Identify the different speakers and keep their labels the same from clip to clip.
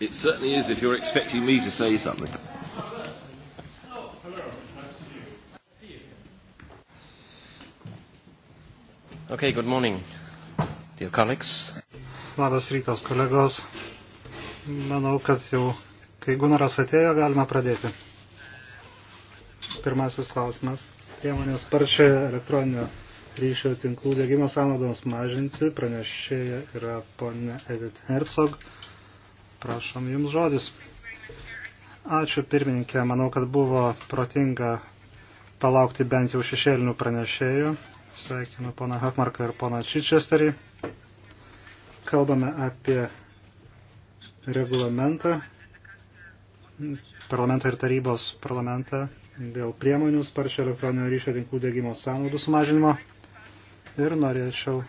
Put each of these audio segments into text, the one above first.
Speaker 1: It certainly is if you're expecting me to say something. Okay, good morning, dear colleagues.
Speaker 2: Labas rytas, kolegos. Manau, kad jau, kai Gunaras atėjo, galima pradėti. Pirmasis klausimas. Priemonės sparčiai elektroninio ryšio tinklų dėgymo sąnaudoms mažinti pranešėja yra ponė Edith Herzog. Prašom Jums žodis. Ačiū pirmininkė. Manau, kad buvo protinga palaukti bent jau šešėlinių pranešėjų. Sveikinu pana Hakmarką ir pana Čičesterį. Kalbame apie reglamentą, parlamento ir tarybos parlamentą dėl priemonių sparčio elektroninio ryšio tinklų dėgymo sąnaudų sumažinimo. Ir norėčiau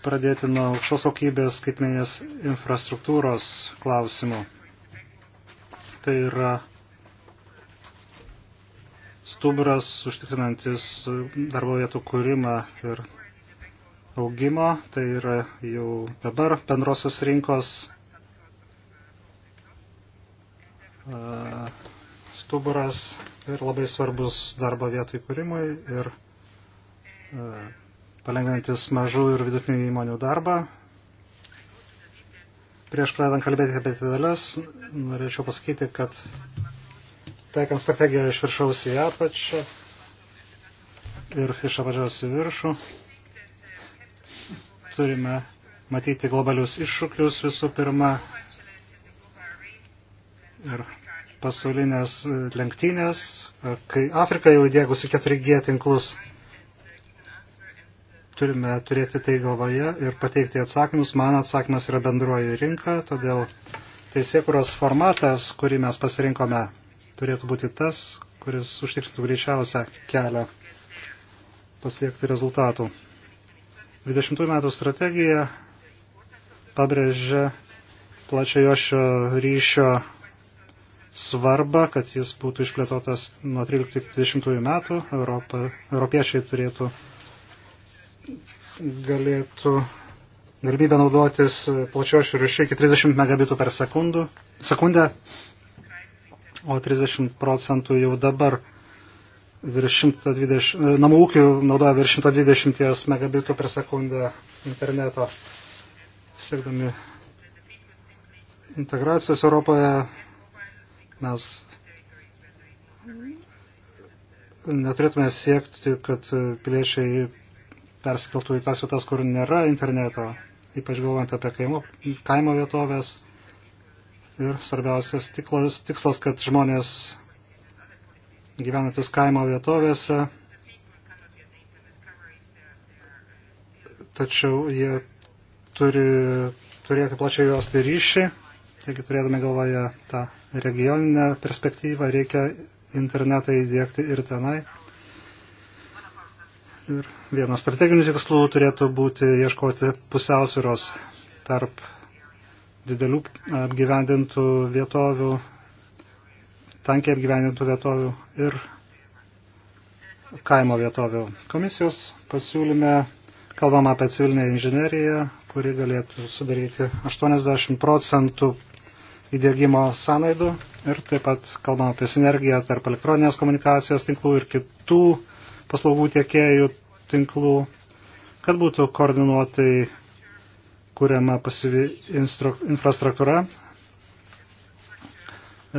Speaker 2: pradėti nuo aukštos kokybės skaitmenės infrastruktūros klausimų. Tai yra stubras užtikrinantis darbo vietų kūrimą ir augimo. Tai yra jau dabar bendrosios rinkos stuburas ir labai svarbus darbo vietų įkūrimui ir palengvintis mažų ir vidutinių įmonių darbą. Prieš pradedant kalbėti apie didelės, norėčiau pasakyti, kad taikant strategiją iš viršaus į apačią ir iš apačios į viršų, turime matyti globalius iššūkius visų pirma ir pasaulinės lenktynės, kai Afrika jau įdėgusi 4G tinklus turime turėti tai galvoje ir pateikti atsakymus. Man atsakymas yra bendroji rinka, todėl teisėkuros formatas, kurį mes pasirinkome, turėtų būti tas, kuris užtikrintų greičiausią kelią pasiekti rezultatų. 20 metų strategija pabrėžia plačiojošio ryšio svarbą, kad jis būtų išplėtotas nuo 13 iki 20 metų. Europa, europiečiai turėtų galėtų galimybę naudotis plačio šriušiu iki 30 megabitų per sekundų, sekundę, o 30 procentų jau dabar virš 120, e, namų ūkių naudoja virš 120 megabitų per sekundę interneto, siekdami integracijos Europoje. Mes neturėtume siekti, kad piliečiai perskeltų į tas vietas, kur nėra interneto, ypač galvojant apie kaimo, kaimo vietovės. Ir svarbiausias tiklas, tikslas, kad žmonės gyvenantis kaimo vietovėse, tačiau jie turi turėti plačiai jos tai ryšį, taigi turėdami galvoje tą regioninę perspektyvą reikia internetą įdėkti ir tenai. Ir vienas strateginių tikslų turėtų būti ieškoti pusiausviros tarp didelių apgyvendintų vietovių, tankiai apgyvendintų vietovių ir kaimo vietovių. Komisijos pasiūlyme kalbam apie civilinę inžineriją, kuri galėtų sudaryti 80 procentų įdėgymo sąnaidų ir taip pat kalbam apie sinergiją tarp elektroninės komunikacijos tinklų ir kitų paslaugų tiekėjų tinklų, kad būtų koordinuotai kuriama pasyvi infrastruktūra.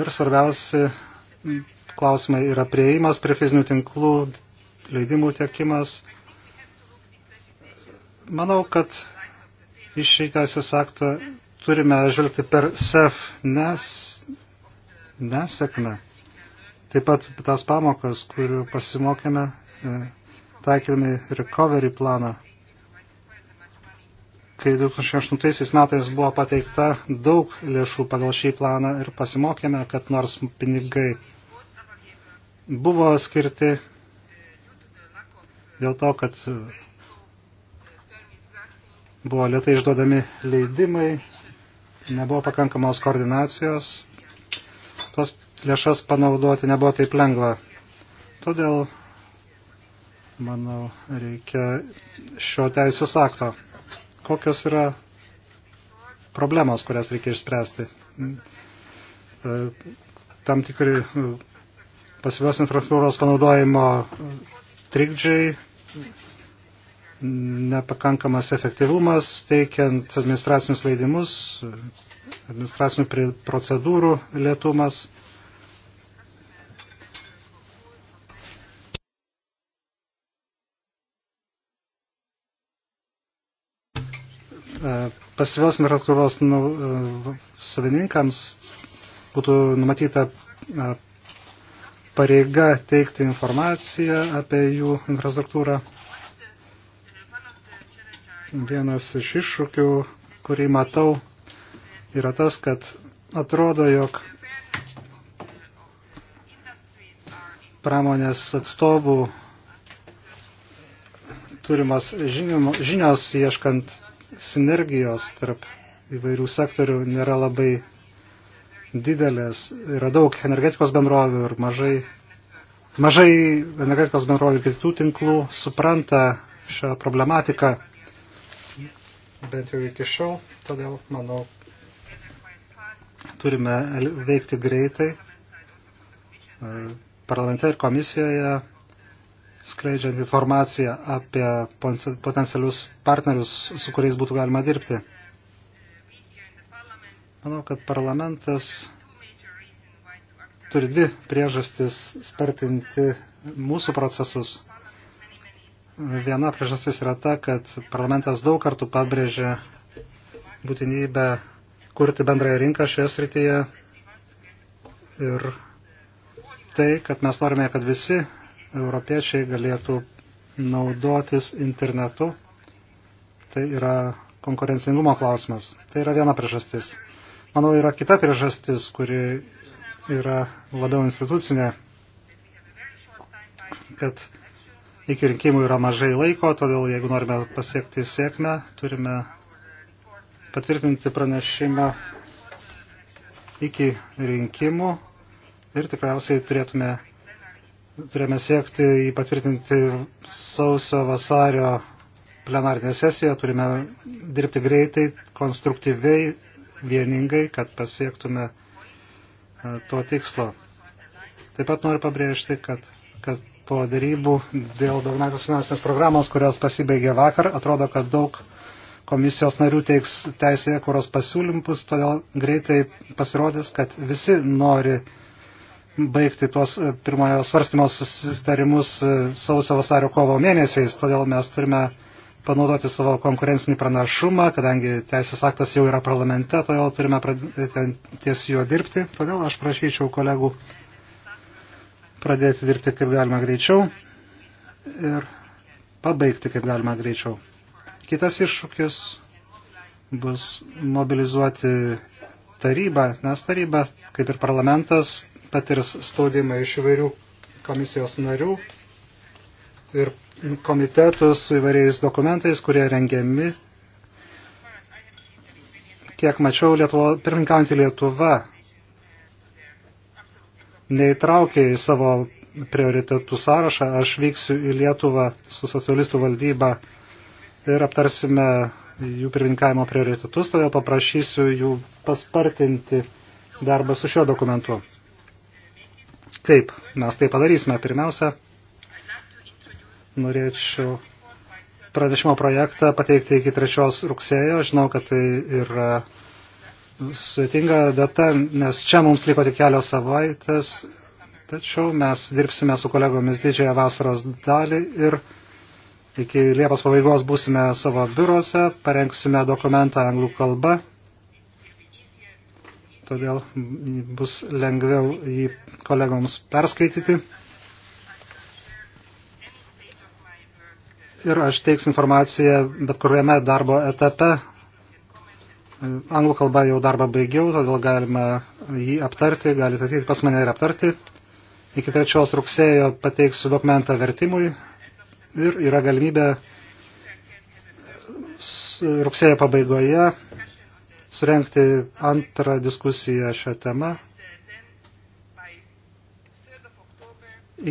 Speaker 2: Ir svarbiausi klausimai yra prieimas prie fizinių tinklų, leidimų tiekimas. Manau, kad iš šį teisės aktą turime žvelgti per SEF nes, nesėkmę. Taip pat tas pamokas, kurių pasimokėme, e, taikydami recovery planą, kai 2008 metais buvo pateikta daug lėšų pagal šį planą ir pasimokėme, kad nors pinigai buvo skirti dėl to, kad buvo lietai išduodami leidimai, nebuvo pakankamos koordinacijos, tos lėšas panaudoti nebuvo taip lengva. Todėl manau, reikia šio teisės akto. Kokios yra problemos, kurias reikia išspręsti? Tam tikri pasyvios infrastruktūros panaudojimo trikdžiai, nepakankamas efektyvumas, teikiant administracinius leidimus, administracinių procedūrų lietumas, pasyvios infrastruktūros nu, e, savininkams būtų numatyta e, pareiga teikti informaciją apie jų infrastruktūrą. Vienas iš iššūkių, kurį matau, yra tas, kad atrodo, jog pramonės atstovų turimas žinios ieškant sinergijos tarp įvairių sektorių nėra labai didelės. Yra daug energetikos bendrovių ir mažai, mažai energetikos bendrovių ir kitų tinklų supranta šią problematiką, bent jau iki šiol. Todėl, manau, turime veikti greitai e, parlamente ir komisijoje skleidžiant informaciją apie potencialius partnerius, su kuriais būtų galima dirbti. Manau, kad parlamentas turi dvi priežastis spartinti mūsų procesus. Viena priežastis yra ta, kad parlamentas daug kartų pabrėžė būtinybę kurti bendrąją rinką šioje srityje ir tai, kad mes norime, kad visi europiečiai galėtų naudotis internetu. Tai yra konkurencingumo klausimas. Tai yra viena priežastis. Manau, yra kita priežastis, kuri yra labiau institucinė, kad iki rinkimų yra mažai laiko, todėl jeigu norime pasiekti sėkmę, turime patvirtinti pranešimą iki rinkimų ir tikriausiai turėtume turime siekti jį patvirtinti sausio vasario plenarinė sesija, turime dirbti greitai, konstruktyviai, vieningai, kad pasiektume e, to tikslo. Taip pat noriu pabrėžti, kad, kad po darybų dėl daugmetės finansinės programos, kurios pasibaigė vakar, atrodo, kad daug komisijos narių teiks teisėje kuros pasiūlymus, todėl greitai pasirodys, kad visi nori uh, baigti tuos e, pirmojo svarstymo susitarimus e, sausio vasario kovo mėnesiais, todėl mes turime panaudoti savo konkurencinį pranašumą, kadangi teisės aktas jau yra parlamente, todėl turime pradėti ties juo dirbti, todėl aš prašyčiau kolegų pradėti dirbti kaip galima greičiau ir pabaigti kaip galima greičiau. Kitas iššūkis bus mobilizuoti tarybą, nes taryba, kaip ir parlamentas, patirs spaudimą iš įvairių komisijos narių ir komitetų su įvairiais dokumentais, kurie rengiami. Kiek mačiau, Lietuvo, pirminkaujantį Lietuvą neįtraukė į savo prioritetų sąrašą. Aš vyksiu į Lietuvą su socialistų valdyba ir aptarsime jų pirmininkavimo prioritetus, todėl paprašysiu jų paspartinti darbą su šiuo dokumentu. Kaip mes tai padarysime? Pirmiausia, norėčiau pranešimo projektą pateikti iki 3 rugsėjo. Žinau, kad tai yra sudėtinga data, nes čia mums liko tik kelios savaitės, tačiau mes dirbsime su kolegomis didžiąją vasaros dalį ir iki Liepos pabaigos būsime savo biurose, parengsime dokumentą anglų kalba todėl bus lengviau jį kolegoms perskaityti. Ir aš teiks informaciją bet kuriame darbo etape. Anglų kalba jau darbą baigiau, todėl galima jį aptarti, galite ateiti pas mane ir aptarti. Iki 3 rugsėjo pateiksiu dokumentą vertimui ir yra galimybė rugsėjo pabaigoje surenkti antrą diskusiją šią temą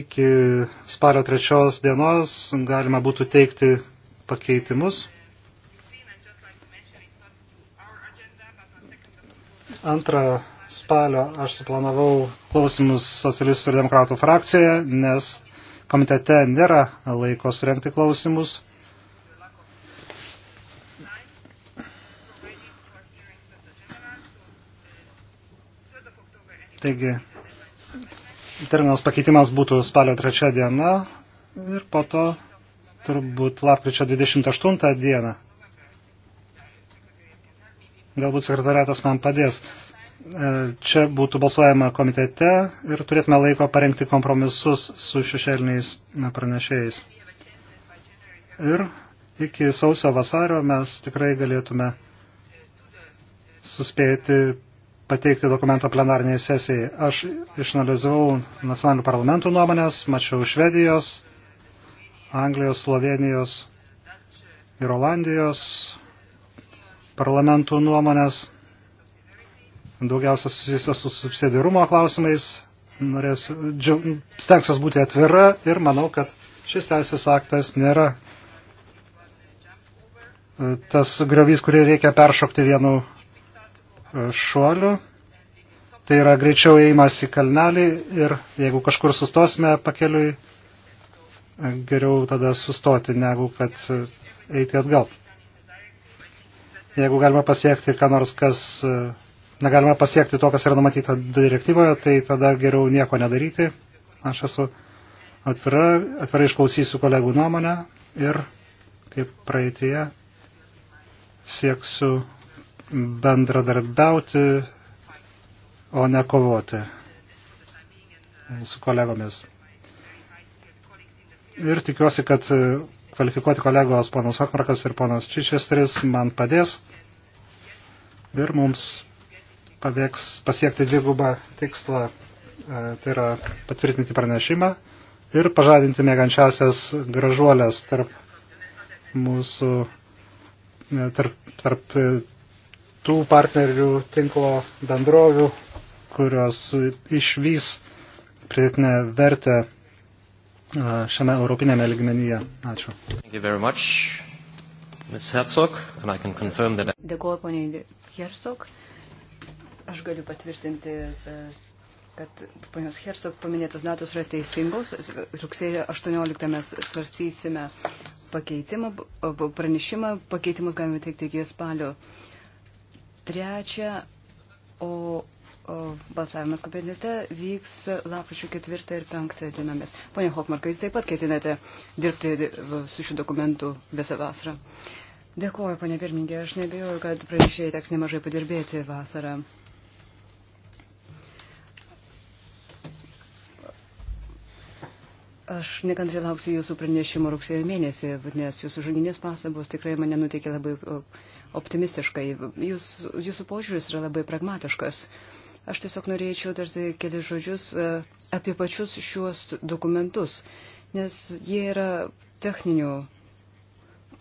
Speaker 2: iki spalio trečios dienos galima būtų teikti pakeitimus. Antrą spalio aš suplanavau klausimus socialistų ir demokratų frakcijoje, nes komitete nėra laiko surenkti klausimus. Taigi, terminas pakeitimas būtų spalio 3 diena ir po to turbūt lapkričio 28 dieną. Galbūt sekretariatas man padės. E, čia būtų balsuojama komitete ir turėtume laiko parengti kompromisus su šešėliniais pranešėjais. Ir iki sausio vasario mes tikrai galėtume suspėti pateikti dokumentą plenarniai sesijai. Aš išanalizavau nacionalinių parlamentų nuomonės, mačiau Švedijos, Anglijos, Slovenijos ir Olandijos parlamentų nuomonės, daugiausia susijusios su subsidiarumo klausimais. Norėsiu, džiaug, stengsiuos būti atvira ir manau, kad šis teisės aktas nėra e, tas griovys, kurį reikia peršokti vienu šuolių. Tai yra greičiau ėjimas į kalnelį ir jeigu kažkur sustosime pakeliui, geriau tada sustoti, negu kad eiti atgal. Jeigu galima pasiekti, ką nors kas, negalima pasiekti to, kas yra numatyta direktyvoje, tai tada geriau nieko nedaryti. Aš esu atvira, atvirai išklausysiu kolegų nuomonę ir kaip praeitie sieksiu bendradarbiauti, o ne kovoti su kolegomis. Ir tikiuosi, kad kvalifikuoti kolegos ponas Vakmarkas ir ponas Čičestris man padės ir mums pavyks pasiekti dvigubą tikslą, e, tai yra patvirtinti pranešimą ir pažadinti mėgančiasias gražuolės tarp mūsų, e, tarp, tarp tų partnerių tinklo bendrovių, kurios išvys pridėtinę vertę šiame europinėme ligmenyje. Ačiū.
Speaker 3: Dėkuoju, poniai Herzog. Aš galiu patvirtinti, e, kad ponios Herzog paminėtos datos yra teisingos. Rugsėjo 18 mes svarstysime pakeitimą, pranešimą. Pakeitimus galime teikti iki spalio Trečia, o, o balsavimas kabinete vyks lapkričio 4 ir 5 dienomis. Pone Hokmarkai, jūs taip pat ketinate dirbti su šiuo dokumentu visą vasarą. Dėkuoju, ponė pirmingė, aš nebijoju, kad pranešėjai teks nemažai padirbėti vasarą. Aš nekantriai lauksiu jūsų pranešimo rugsėjo mėnesį, nes jūsų žanginės pastabos tikrai mane nuteikė labai optimistiškai. Jūs, jūsų požiūris yra labai pragmatiškas. Aš tiesiog norėčiau tarti keli žodžius e, apie pačius šiuos dokumentus, nes jie yra techninių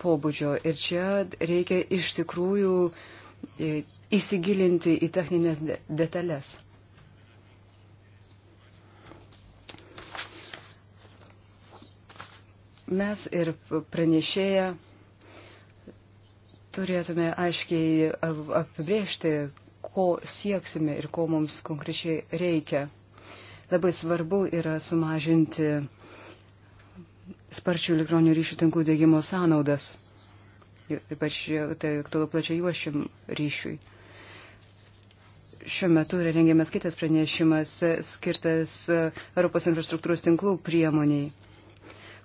Speaker 3: pobūdžio ir čia reikia iš tikrųjų e, įsigilinti į techninės detalės. Mes ir pranešėja turėtume aiškiai apibriežti, ko sieksime ir ko mums konkrečiai reikia. Labai svarbu yra sumažinti sparčių elektroninių ryšių tinklų dėgymo sąnaudas, ypač tai aktualu plačiai juošiam ryšiui. Šiuo metu yra rengiamas kitas pranešimas e, skirtas e, Europos infrastruktūros tinklų priemoniai,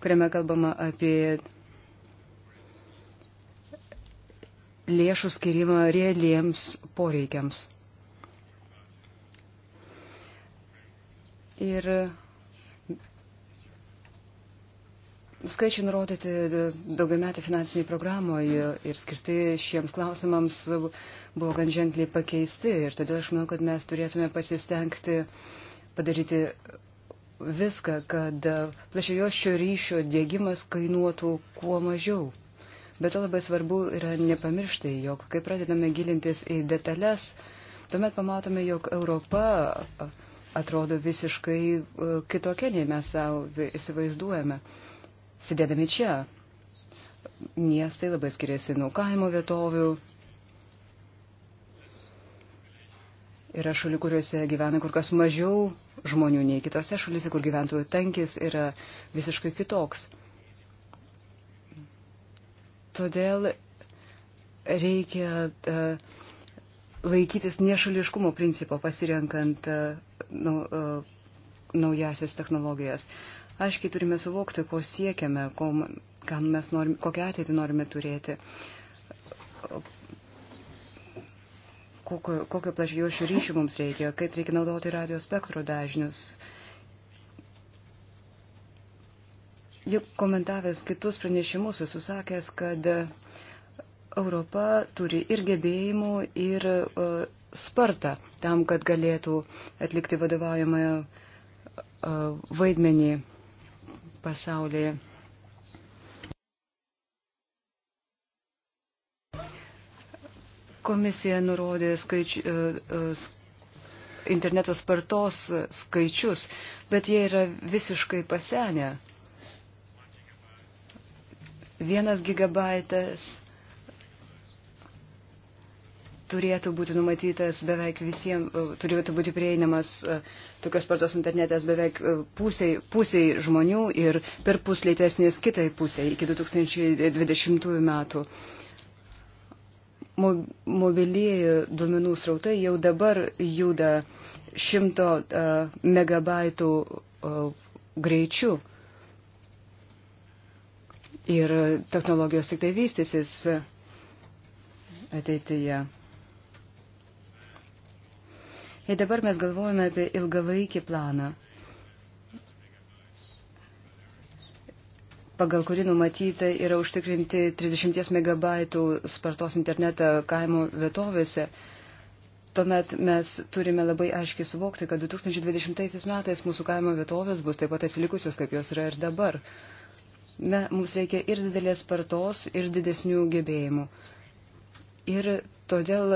Speaker 3: kuriame kalbama apie lėšų skirimą realiems poreikiams. Ir skaičiai nurodyti daugiametį finansinį programoje ir skirti šiems klausimams buvo gan ženkliai pakeisti. Ir todėl aš manau, kad mes turėtume pasistengti padaryti viską, kad plašėjos šio ryšio dėgymas kainuotų kuo mažiau. Bet to labai svarbu yra nepamiršti, jog kai pradedame gilintis į detalės, tuomet pamatome, jog Europa atrodo visiškai e, kitokia, nei mes savo įsivaizduojame. Sėdėdami čia, miestai labai skiriasi nuo kaimo vietovių. Yra šalių, kuriuose gyvena kur kas mažiau žmonių nei kitose šalyse, kur gyventojų tankis yra visiškai kitoks. Todėl reikia e, laikytis nešališkumo principo pasirenkant nu, naujasias technologijas. Aiškiai turime suvokti, ko siekiame, ko, kam mes norime, kokią ateitį norime turėti, kokio, kokio plačiojo šių ryšių mums reikia, kaip reikia naudoti radio spektro dažnius, uh, Juk komentavęs kitus pranešimus esu sakęs, kad Europa turi ir gebėjimų, ir uh, spartą tam, kad galėtų atlikti vadovaujamąją uh, e, vaidmenį pasaulyje. Komisija nurodė skaič, uh, uh, interneto spartos skaičius, bet jie yra visiškai pasenę. Uh, vienas gigabaitas turėtų būti numatytas beveik visiems, e, turėtų būti prieinamas e, tokios spartos internetas beveik e, pusiai, pusiai žmonių ir per pusleitesnės kitai pusiai iki 2020 metų. Mobilieji duomenų srautai jau dabar juda 100 megabaitų greičiu. Ir technologijos tik tai vystysis ateityje. Ir dabar mes galvojame apie ilgalaikį planą, pagal kurį numatyta yra užtikrinti 30 megabaitų spartos internetą kaimo vietovėse. Tuomet mes turime labai aiškiai suvokti, kad 2020 metais mūsų kaimo vietovės bus taip pat atsilikusios, kaip jos yra ir dabar me, mums reikia ir didelės spartos, ir didesnių gebėjimų. Ir todėl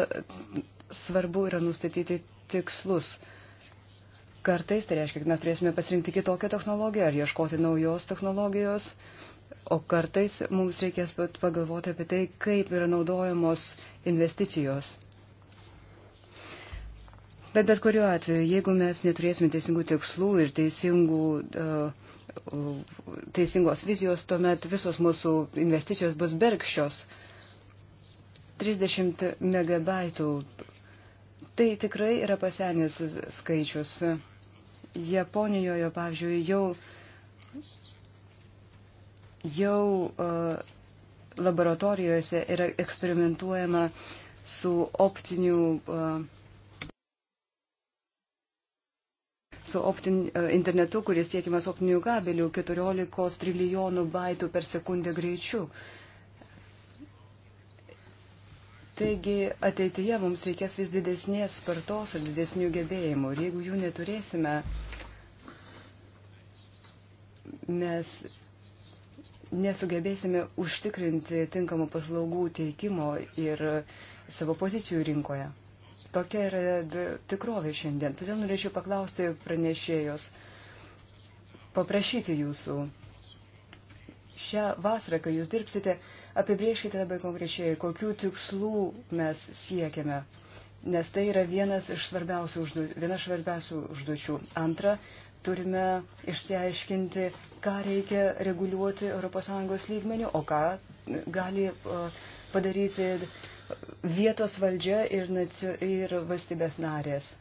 Speaker 3: svarbu yra nustatyti tikslus. Kartais tai reiškia, kad mes turėsime pasirinkti kitokią technologiją ar ieškoti naujos technologijos, o kartais mums reikės pagalvoti apie tai, kaip yra naudojamos investicijos. Bet bet kuriuo atveju, jeigu mes neturėsime teisingų tikslų ir teisingų uh, teisingos vizijos, tuomet visos mūsų investicijos bus bergščios. 30 megabaitų. Tai tikrai yra pasenęs skaičius. Japonijoje, pavyzdžiui, jau, jau uh, laboratorijose yra eksperimentuojama su optiniu uh, su optin, e, internetu, kuris tiekimas optinių kabelių 14 trilijonų baitų per sekundę greičiu. Taigi ateityje mums reikės vis didesnės spartos ir didesnių gebėjimų. Ir jeigu jų neturėsime, mes nesugebėsime užtikrinti tinkamų paslaugų teikimo ir savo pozicijų rinkoje. Tokia yra tikrovė šiandien. Todėl norėčiau paklausti pranešėjos, paprašyti jūsų šią vasarą, kai jūs dirbsite, apibrieškite labai konkrečiai, kokių tikslų mes siekiame. Nes tai yra vienas iš svarbiausių uždu, viena svarbiausių užduočių. Antra, turime išsiaiškinti, ką reikia reguliuoti ES lygmenių, o ką gali padaryti vietos valdžia ir, ir valstybės narės.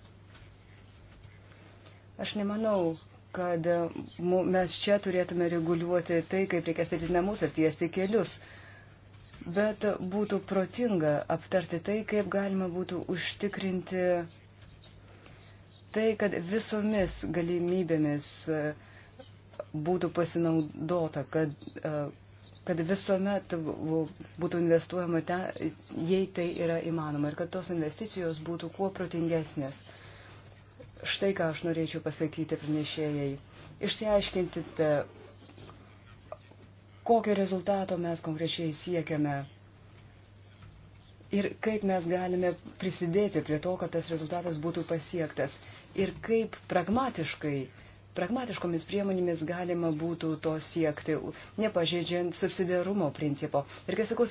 Speaker 3: Aš nemanau, kad e, mes čia turėtume reguliuoti tai, kaip reikia statyti namus ar tiesti kelius, bet būtų protinga aptarti tai, kaip galima būtų užtikrinti tai, kad visomis galimybėmis e, būtų pasinaudota, kad e, kad visuomet būtų investuojama ten, jei tai yra įmanoma ir kad tos investicijos būtų kuo protingesnės. Štai ką aš norėčiau pasakyti pranešėjai. Išsiaiškinkite, kokio rezultato mes konkrečiai siekiame ir kaip mes galime prisidėti prie to, kad tas rezultatas būtų pasiektas ir kaip pragmatiškai pragmatiškomis priemonėmis galima būtų to siekti, nepažeidžiant subsidiarumo principo. Ir kai sakau,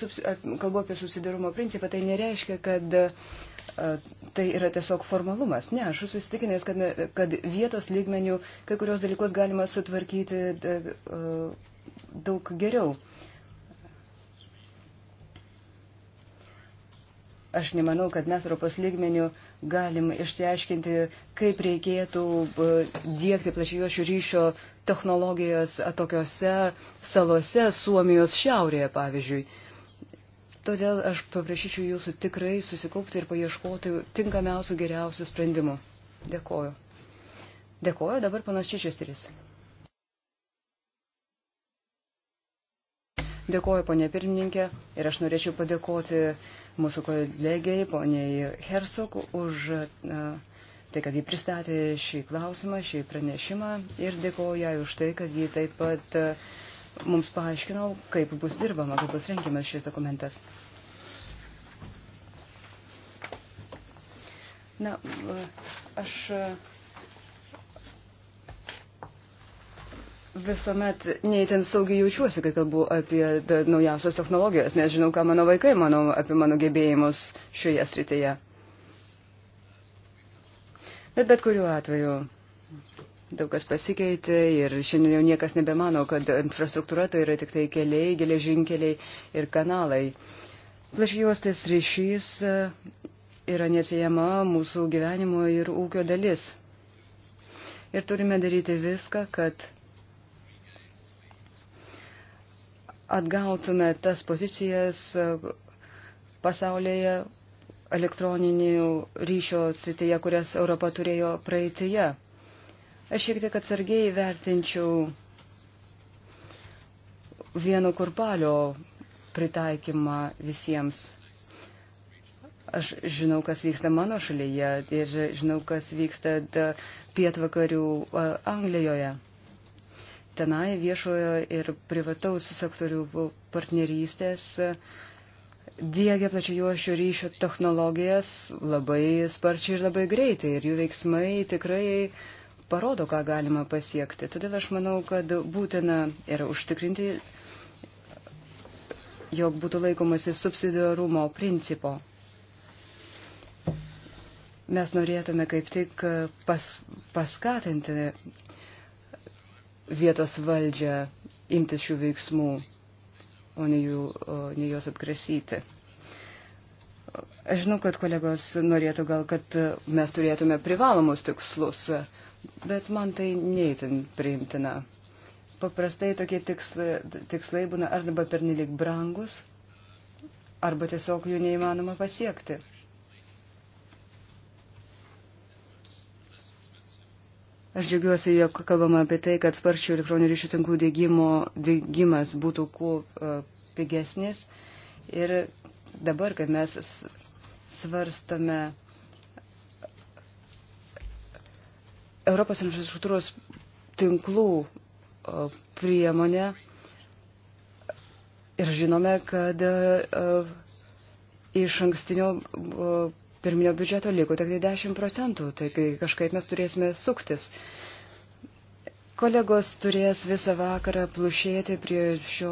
Speaker 3: kalbu apie subsidiarumo principą, tai nereiškia, kad e, tai yra tiesiog formalumas. Ne, aš esu įsitikinęs, kad, kad vietos lygmenių kai kurios dalykus galima sutvarkyti e, e, daug geriau. Aš nemanau, kad mes Europos lygmenių galim išsiaiškinti, kaip reikėtų e, dėkti plačiuošių ryšio technologijas atokiose salose Suomijos šiaurėje, pavyzdžiui. Todėl aš paprašyčiau jūsų tikrai susikaupti ir paieškoti tinkamiausių geriausių sprendimų. Dėkoju. Dėkoju, dabar panas Čičesteris. Dėkoju, ponė pirmininkė, ir aš norėčiau padėkoti uh, mūsų kolegijai, poniai Hersok, už e, tai, kad jį pristatė šį klausimą, šį pranešimą ir dėkoju jai už tai, kad jį taip pat e, mums paaiškino, kaip bus dirbama, kaip bus rengiamas šis dokumentas. Na, e, aš visuomet neįtin saugiai jaučiuosi, kai kalbu apie naujausios technologijos, nes žinau, ką mano vaikai mano apie mano gebėjimus šioje srityje. Bet bet kuriuo atveju daug kas pasikeitė ir šiandien jau niekas nebemano, kad infrastruktūra tai yra tik tai keliai, geležinkeliai ir kanalai. Plašijuostės ryšys e, yra neatsiejama mūsų gyvenimo ir ūkio dalis. Ir turime daryti viską, kad atgautume tas pozicijas e, pasaulyje elektroninių ryšio srityje, kurias Europa turėjo praeitėje. Aš šiek tiek atsargiai vertinčiau vieno kurpalio pritaikymą visiems. Aš žinau, kas vyksta mano šalyje ir žinau, kas vyksta pietvakarių e, Anglijoje tenai viešojo ir privataus sektorių partnerystės diegia plačiajuošio ryšio technologijas labai sparčiai ir labai greitai ir jų veiksmai tikrai parodo, ką galima pasiekti. Todėl aš manau, kad būtina yra užtikrinti, jog būtų laikomasi subsidiarumo principo. Mes norėtume kaip tik pas, paskatinti vietos valdžią imtis šių veiksmų, o ne, jų, o ne juos atgrasyti. Aš žinau, kad kolegos norėtų gal, kad mes turėtume privalomus tikslus, bet man tai neįtin priimtina. Paprastai tokie tikslai, tikslai būna arba pernelik brangus, arba tiesiog jų neįmanoma pasiekti. Aš džiaugiuosi, jog kalbama apie tai, kad sparčių elektroninių ryšių tinklų dėgymas būtų kuo e, pigesnis. Ir dabar, kad mes svarstame Europos infrastruktūros tinklų e, priemonę ir žinome, kad e, iš ankstinio pirminio biudžeto liko tik tai 10 procentų, taigi kažkaip mes turėsime suktis. Kolegos turės visą vakarą plušėti prie šio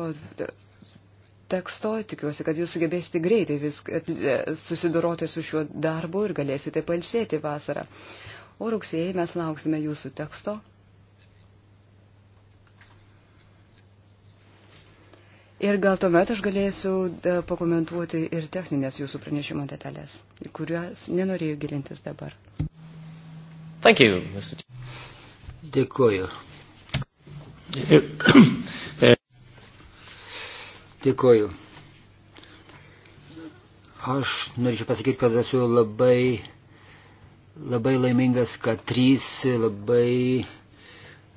Speaker 3: teksto, tikiuosi, kad jūs sugebėsite greitai vis, susidoroti su šiuo darbu ir galėsite palsėti vasarą. O rugsėjai mes lauksime jūsų teksto. Ir gal tuomet aš galėsiu e, pakomentuoti ir techninės jūsų pranešimo detalės, į kurias nenorėjau gilintis dabar.
Speaker 4: Thank you, Mr. Dėkuoju. Eh, Dėkuoju. Aš norėčiau pasakyti, kad esu labai, labai laimingas, kad trys labai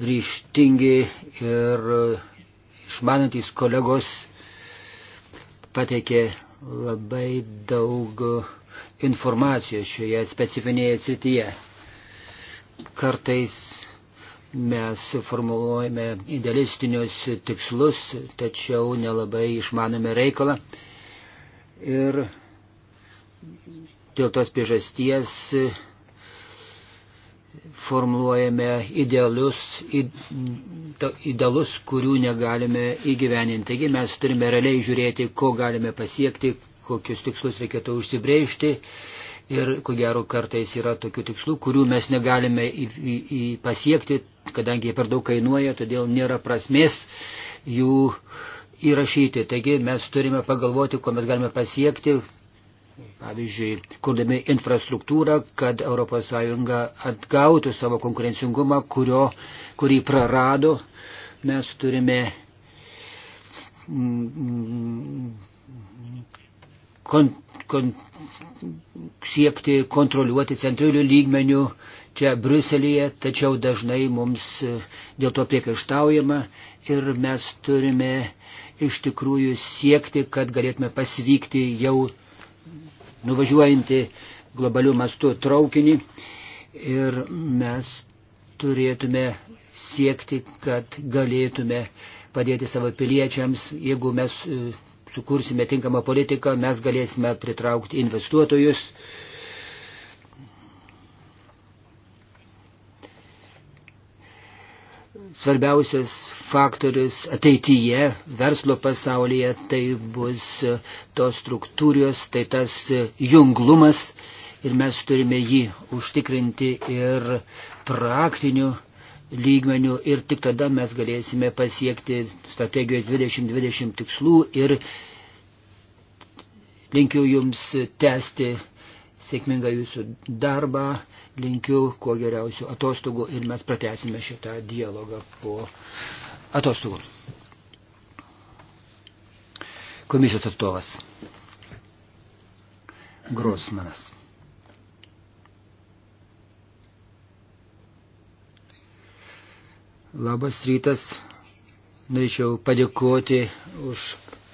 Speaker 4: ryštingi ir išmanantis kolegos pateikė labai daug informacijos šioje specifinėje srityje. Kartais mes formuluojame idealistinius tikslus, tačiau nelabai išmanome reikalą. Ir dėl tos priežasties formuluojame idealius, idealus, kurių negalime įgyveninti. Taigi mes turime realiai žiūrėti, ko galime pasiekti, kokius tikslus reikėtų užsibrėžti. Ir ko gero kartais yra tokių tikslų, kurių mes negalime į, į, į pasiekti, kadangi jie per daug kainuoja, todėl nėra prasmės jų įrašyti. Taigi mes turime pagalvoti, ko mes galime pasiekti, pavyzdžiui, kurdami infrastruktūrą, kad ES atgautų savo konkurencingumą, kurio, kurį prarado, mes turime mm, kon, kon, siekti kontroliuoti centrinių lygmenių čia Bruselėje, tačiau dažnai mums e, dėl to priekaištaujama ir mes turime iš tikrųjų siekti, kad galėtume pasivykti jau nuvažiuojantį globalių mastų traukinį ir mes turėtume siekti, kad galėtume padėti savo piliečiams, jeigu mes e, sukursime tinkamą politiką, mes galėsime pritraukti investuotojus, svarbiausias faktorius ateityje verslo pasaulyje tai bus e, tos struktūrios, tai tas e, junglumas ir mes turime jį užtikrinti ir praktiniu lygmeniu ir tik tada mes galėsime pasiekti strategijos 2020 tikslų ir linkiu jums tęsti sėkmingą jūsų darbą, linkiu kuo geriausių atostogų ir mes pratesime šitą dialogą po atostogų. Komisijos atstovas Grosmanas. Labas rytas. Norėčiau padėkoti už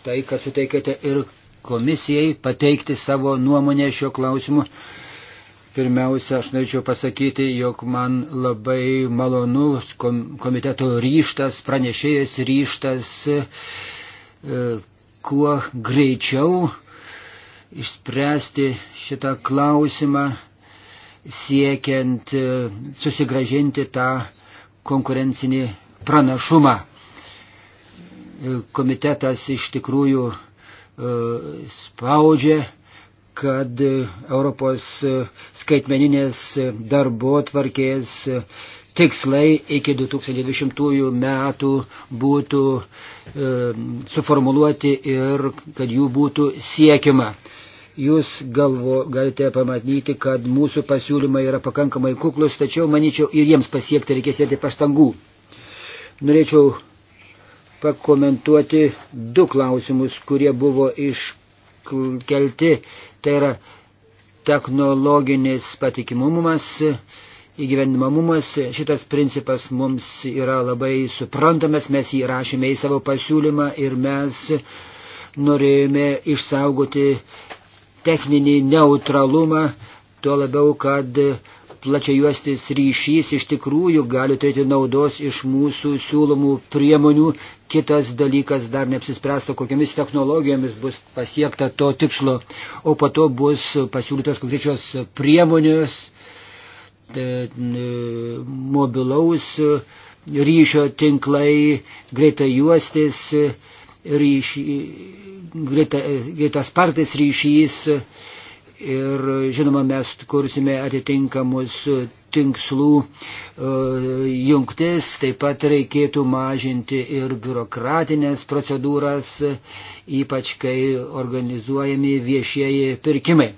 Speaker 4: tai, kad suteikėte ir komisijai pateikti savo nuomonę šiuo klausimu. Pirmiausia, aš norėčiau pasakyti, jog man labai malonus komiteto ryštas, pranešėjas ryštas, e, kuo greičiau išspręsti šitą klausimą, siekiant e, susigražinti tą konkurencinį pranašumą. E, komitetas iš tikrųjų E, spaudžia, kad e, Europos e, skaitmeninės darbo tvarkės tikslai iki 2020 metų būtų e, suformuluoti ir kad jų būtų siekiama. Jūs galvo, galite pamatyti, kad mūsų pasiūlymai yra pakankamai kuklus, tačiau manyčiau ir jiems pasiekti reikės dėti pastangų. Norėčiau pakomentuoti du klausimus, kurie buvo iškelti. Tai yra technologinis patikimumas, įgyvendimamumas. Šitas principas mums yra labai suprantamas, mes jį rašėme į savo pasiūlymą ir mes norėjome išsaugoti techninį neutralumą, tuo labiau, kad plačiajuostis ryšys iš tikrųjų gali turėti naudos iš mūsų siūlomų priemonių. Kitas dalykas dar neapsispręsta, kokiamis technologijomis bus pasiekta to tikslo, o po to bus pasiūlytos konkrečios priemonės tai, e, mobilaus ryšio tinklai, greitai juostis, ryšy, greita, greitas partis ryšys ir žinoma mes kursime atitinkamus tinkslų e, jungtis, taip pat reikėtų mažinti ir biurokratinės procedūras, ypač kai organizuojami viešieji pirkimai.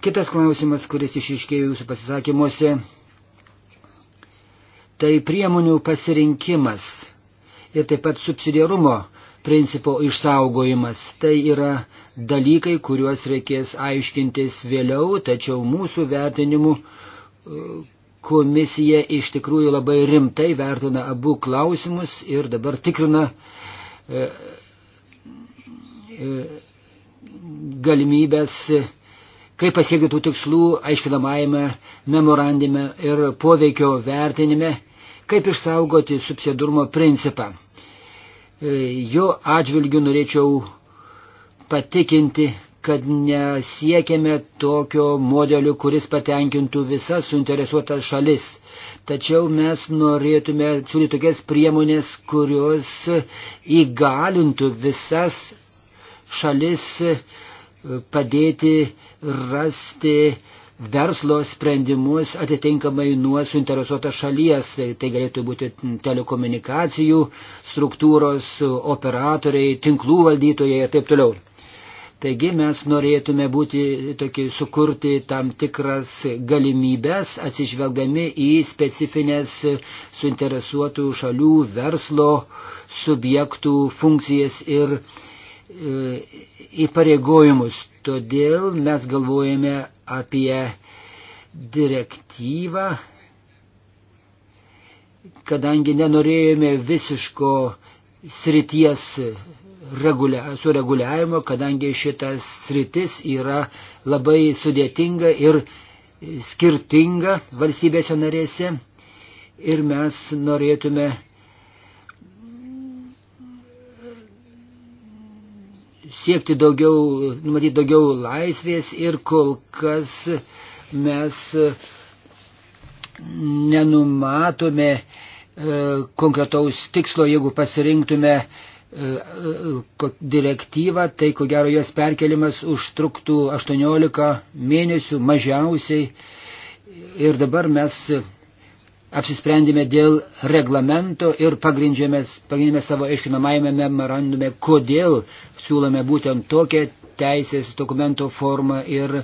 Speaker 4: Kitas klausimas, kuris išiškėjo jūsų pasisakymuose, tai priemonių pasirinkimas ir taip pat subsidiarumo uh, principo išsaugojimas. Tai yra dalykai, kuriuos reikės aiškintis vėliau, tačiau mūsų vertinimu e, komisija iš tikrųjų labai rimtai vertina abu klausimus ir dabar tikrina e, e, galimybės, kaip pasiekti tų tikslų aiškinamajame memorandime ir poveikio vertinime, kaip išsaugoti subsidurumo principą. E, jo atžvilgiu norėčiau patikinti, kad nesiekėme tokio modelio, kuris patenkintų visas suinteresuotas šalis. Tačiau mes norėtume siūlyti tokias priemonės, kurios įgalintų visas šalis padėti rasti verslo sprendimus atitinkamai nuo suinteresuotos šalies. Tai, tai galėtų būti telekomunikacijų struktūros, operatoriai, tinklų valdytojai ir taip toliau. Taigi mes norėtume būti tokį, sukurti tam tikras galimybės atsižvelgdami į specifines suinteresuotų šalių verslo subjektų funkcijas ir e, įpareigojimus. Todėl mes galvojame apie direktyvą, kadangi nenorėjome visiško srities regulia, sureguliavimo, kadangi šitas sritis yra labai sudėtinga ir skirtinga valstybėse narėse. Ir mes norėtume siekti daugiau, numatyti daugiau laisvės ir kol kas mes e, nenumatome e, konkretaus tikslo, jeigu pasirinktume e, direktyvą, tai ko gero jos perkelimas užtruktų 18 mėnesių mažiausiai. Ir dabar mes apsisprendėme dėl reglamento ir pagrindėme savo aiškinamajame memorandume, kodėl siūlome būtent tokią teisės dokumento formą ir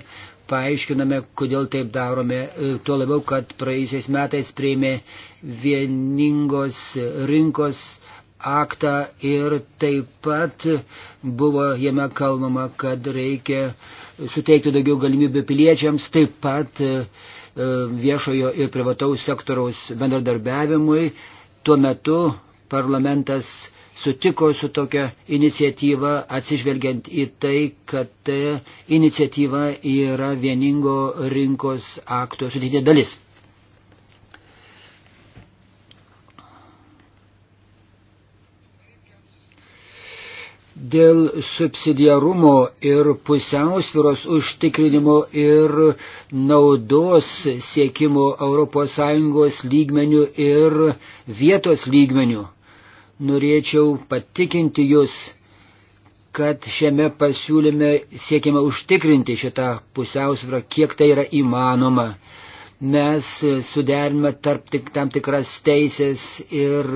Speaker 4: paaiškiname, kodėl taip darome. E, tuo labiau, kad praėjusiais metais prieimė vieningos rinkos aktą ir taip pat buvo jame kalbama, kad reikia suteikti daugiau galimybių piliečiams, taip pat uh, E, viešojo ir privataus sektoriaus bendradarbiavimui. Tuo metu parlamentas sutiko su tokia iniciatyva, atsižvelgiant į tai, kad iniciatyva yra vieningo rinkos akto sudėtinė dalis. dėl subsidiarumo ir pusiausviros užtikrinimo ir naudos siekimo ES lygmenių ir vietos lygmenių. Norėčiau patikinti Jūs, kad šiame pasiūlyme siekime užtikrinti šitą pusiausvyrą, kiek tai yra įmanoma. Mes suderime tarp tik, tam tikras teisės ir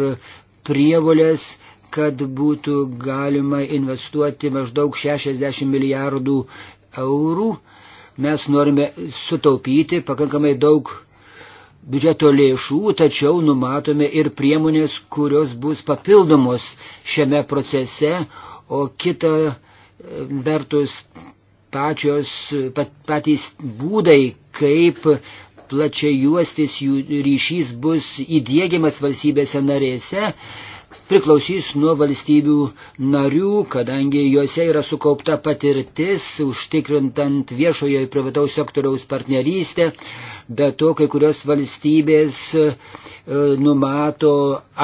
Speaker 4: prievolės, kad būtų galima investuoti maždaug 60 milijardų eurų. Mes norime sutaupyti pakankamai daug biudžeto lėšų, tačiau numatome ir priemonės, kurios bus papildomos šiame procese, o kita e, vertus pačios, pat, patys būdai, kaip plačiai juostis jų ryšys bus įdėgiamas valstybėse narėse, priklausys nuo valstybių narių, kadangi juose yra sukaupta patirtis, užtikrintant viešojo ir privataus sektoriaus partnerystę, bet to kai kurios valstybės e, numato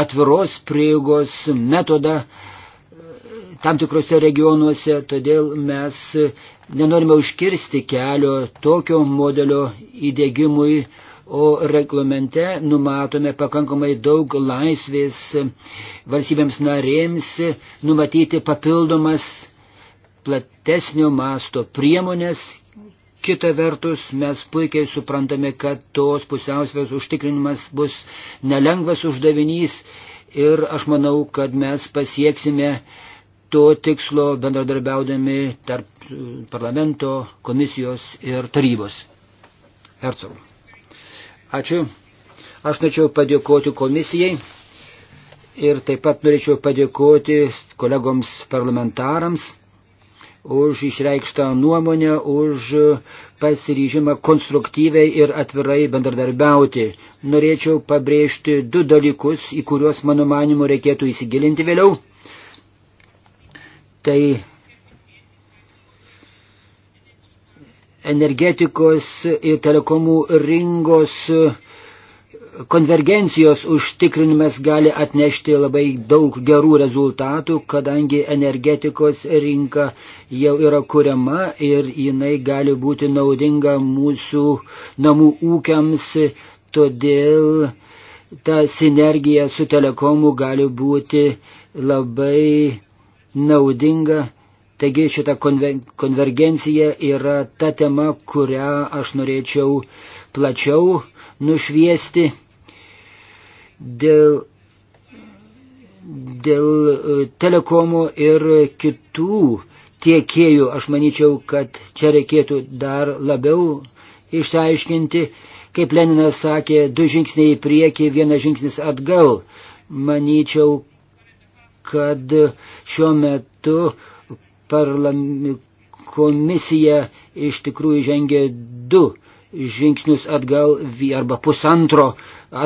Speaker 4: atviros prieigos metodą e, tam tikrose regionuose, todėl mes nenorime užkirsti kelio tokio modelio įdėgymui o reglamente numatome pakankamai daug laisvės valstybėms narėms numatyti papildomas platesnio masto priemonės. Kita vertus, mes puikiai suprantame, kad tos pusiausvės užtikrinimas bus nelengvas uždavinys ir aš manau, kad mes pasieksime to tikslo bendradarbiaudami tarp parlamento, komisijos ir tarybos. Hercog. Ačiū. Aš norėčiau padėkoti komisijai ir taip pat norėčiau padėkoti kolegoms parlamentarams už išreikštą nuomonę, už pasiryžimą konstruktyviai ir atvirai bendradarbiauti. Norėčiau pabrėžti du dalykus, į kuriuos mano manimu reikėtų įsigilinti vėliau. Tai energetikos ir telekomų rinkos konvergencijos užtikrinimas gali atnešti labai daug gerų rezultatų, kadangi energetikos rinka jau yra kuriama ir jinai gali būti naudinga mūsų namų ūkiams, todėl ta sinergija su telekomu gali būti labai naudinga Taigi šita konvergencija yra ta tema, kurią aš norėčiau plačiau nušviesti dėl, dėl e, telekomų ir kitų tiekėjų. Aš manyčiau, kad čia reikėtų dar labiau išsiaiškinti, kaip Leninas sakė, du žingsniai į priekį, vienas žingsnis atgal. Manyčiau, kad šiuo metu parlami, komisija iš tikrųjų žengė du žingsnius atgal arba pusantro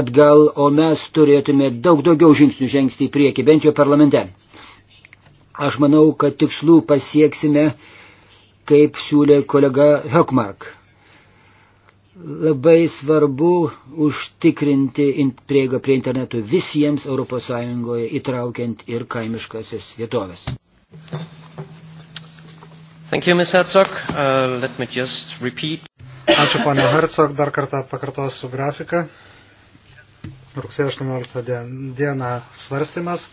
Speaker 4: atgal, o mes turėtume daug daugiau žingsnių žengti į priekį, bent jau parlamente. Aš manau, kad tikslų pasieksime, kaip siūlė kolega Hökmark. Labai svarbu užtikrinti prieigą prie interneto visiems ES, įtraukiant ir kaimiškasis vietovės.
Speaker 2: Thank you, Ms. Herzog. Uh, let me just repeat. Ačiū, ponia Herzog. Dar kartą pakartosiu grafiką. Rugsėjo 18 diena svarstymas.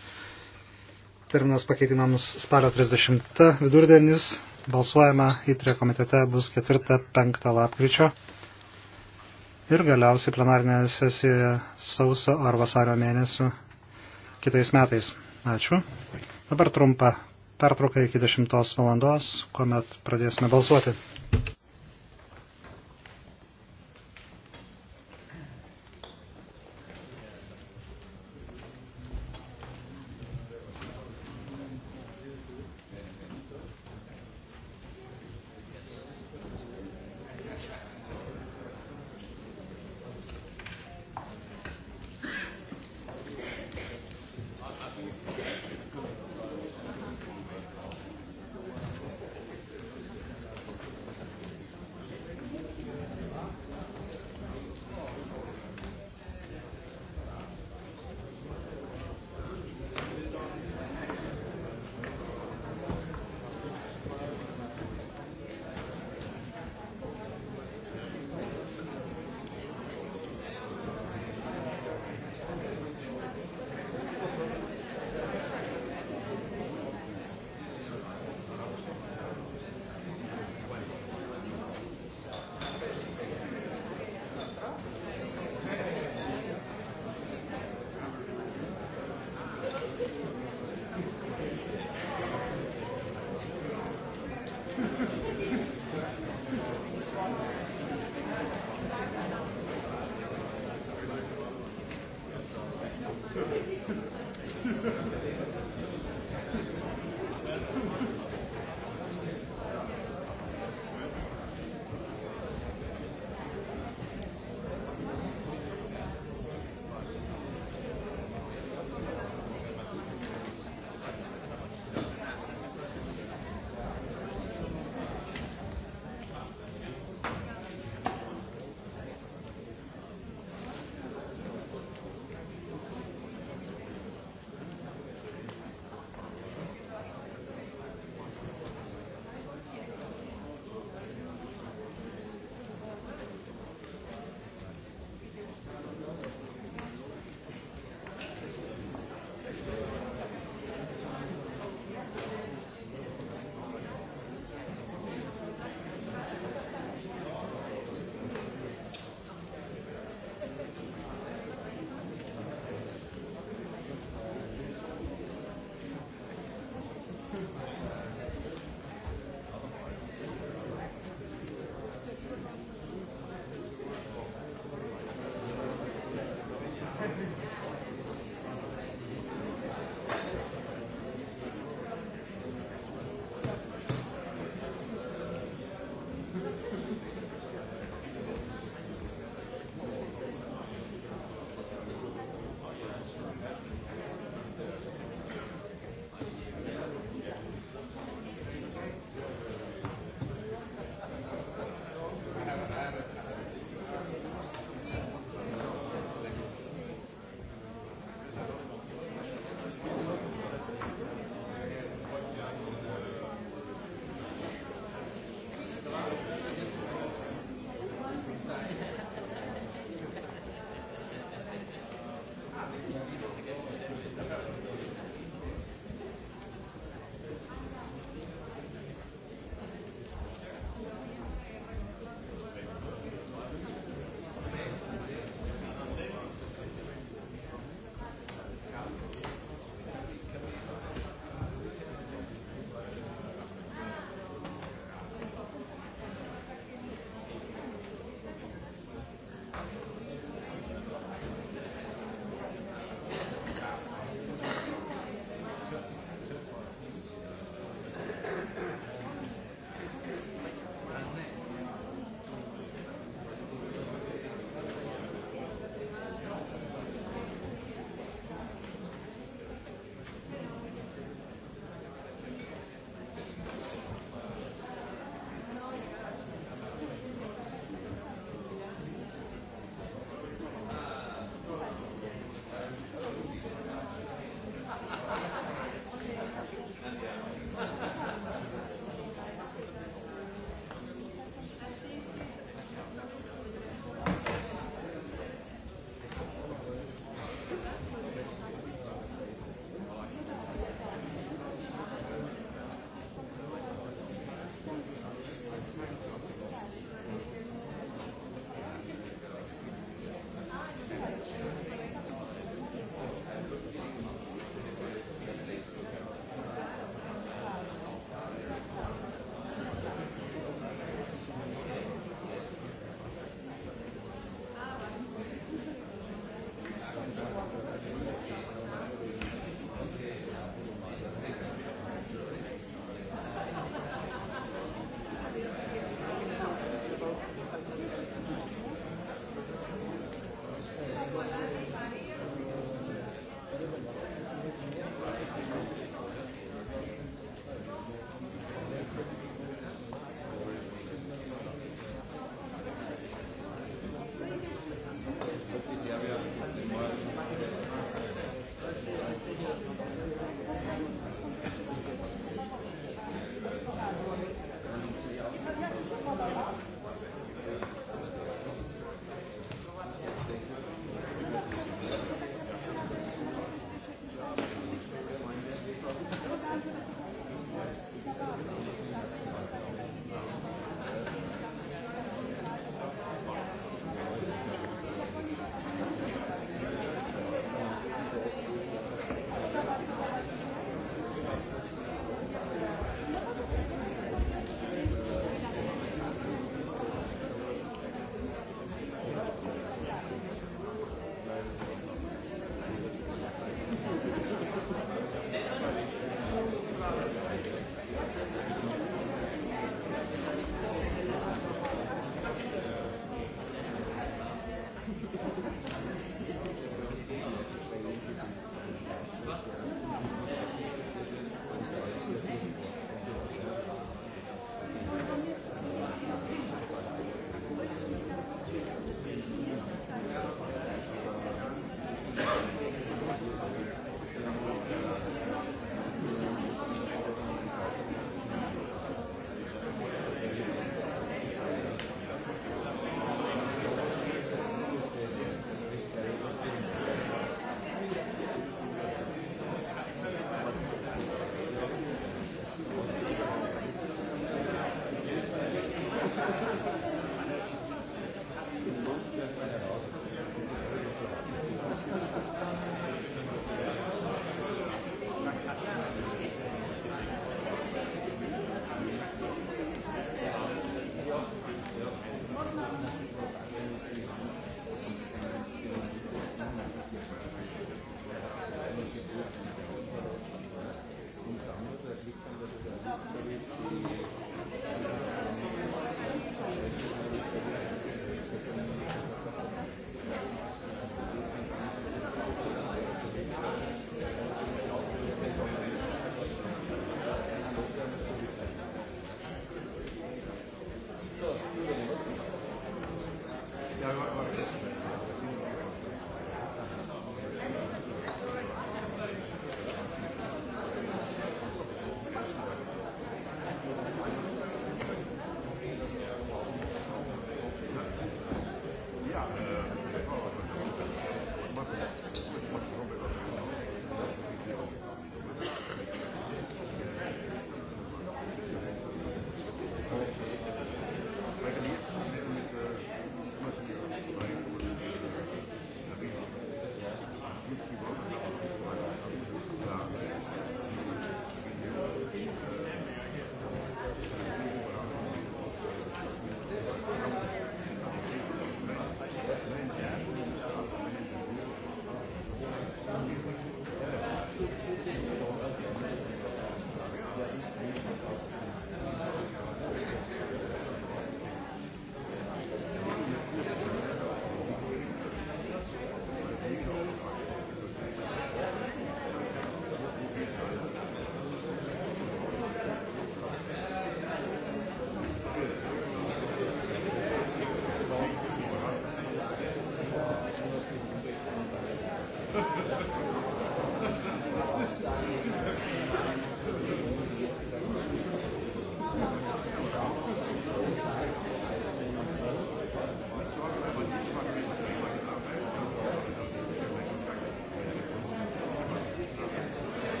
Speaker 2: Terminas pakeitimams spalio 30 vidurdienis. Balsuojama įtrė komitete bus 4-5 lapkričio. Ir galiausiai plenarinėje sesijoje sausio ar vasario mėnesių kitais metais. Ačiū. Dabar trumpa pertrauką iki 10 valandos, kuomet pradėsime balsuoti.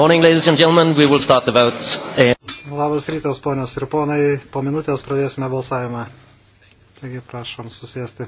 Speaker 1: Morning, ladies and gentlemen, we will start the votes.
Speaker 2: Labas rytas, ponios ir ponai, po minutės pradėsime balsavimą. Taigi prašom susėsti.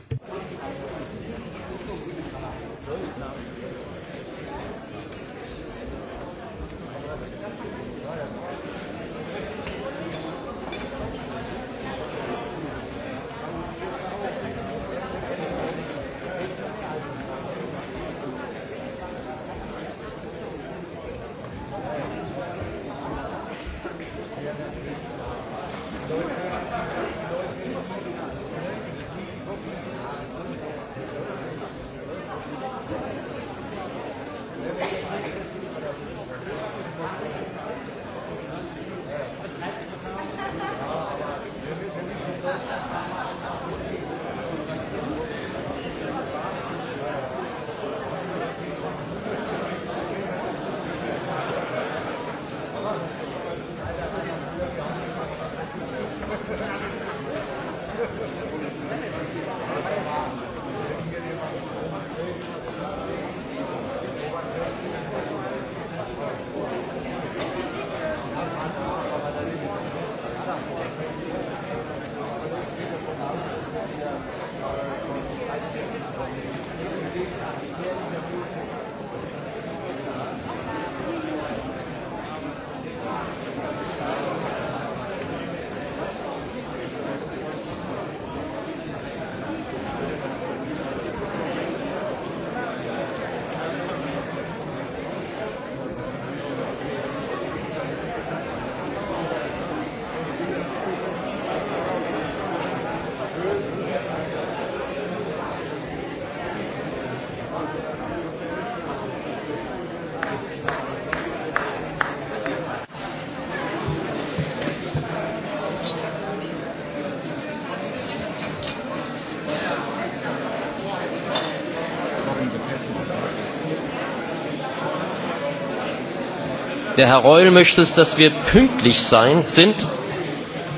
Speaker 1: Der Herr Reul möchte, dass wir pünktlich sein, sind.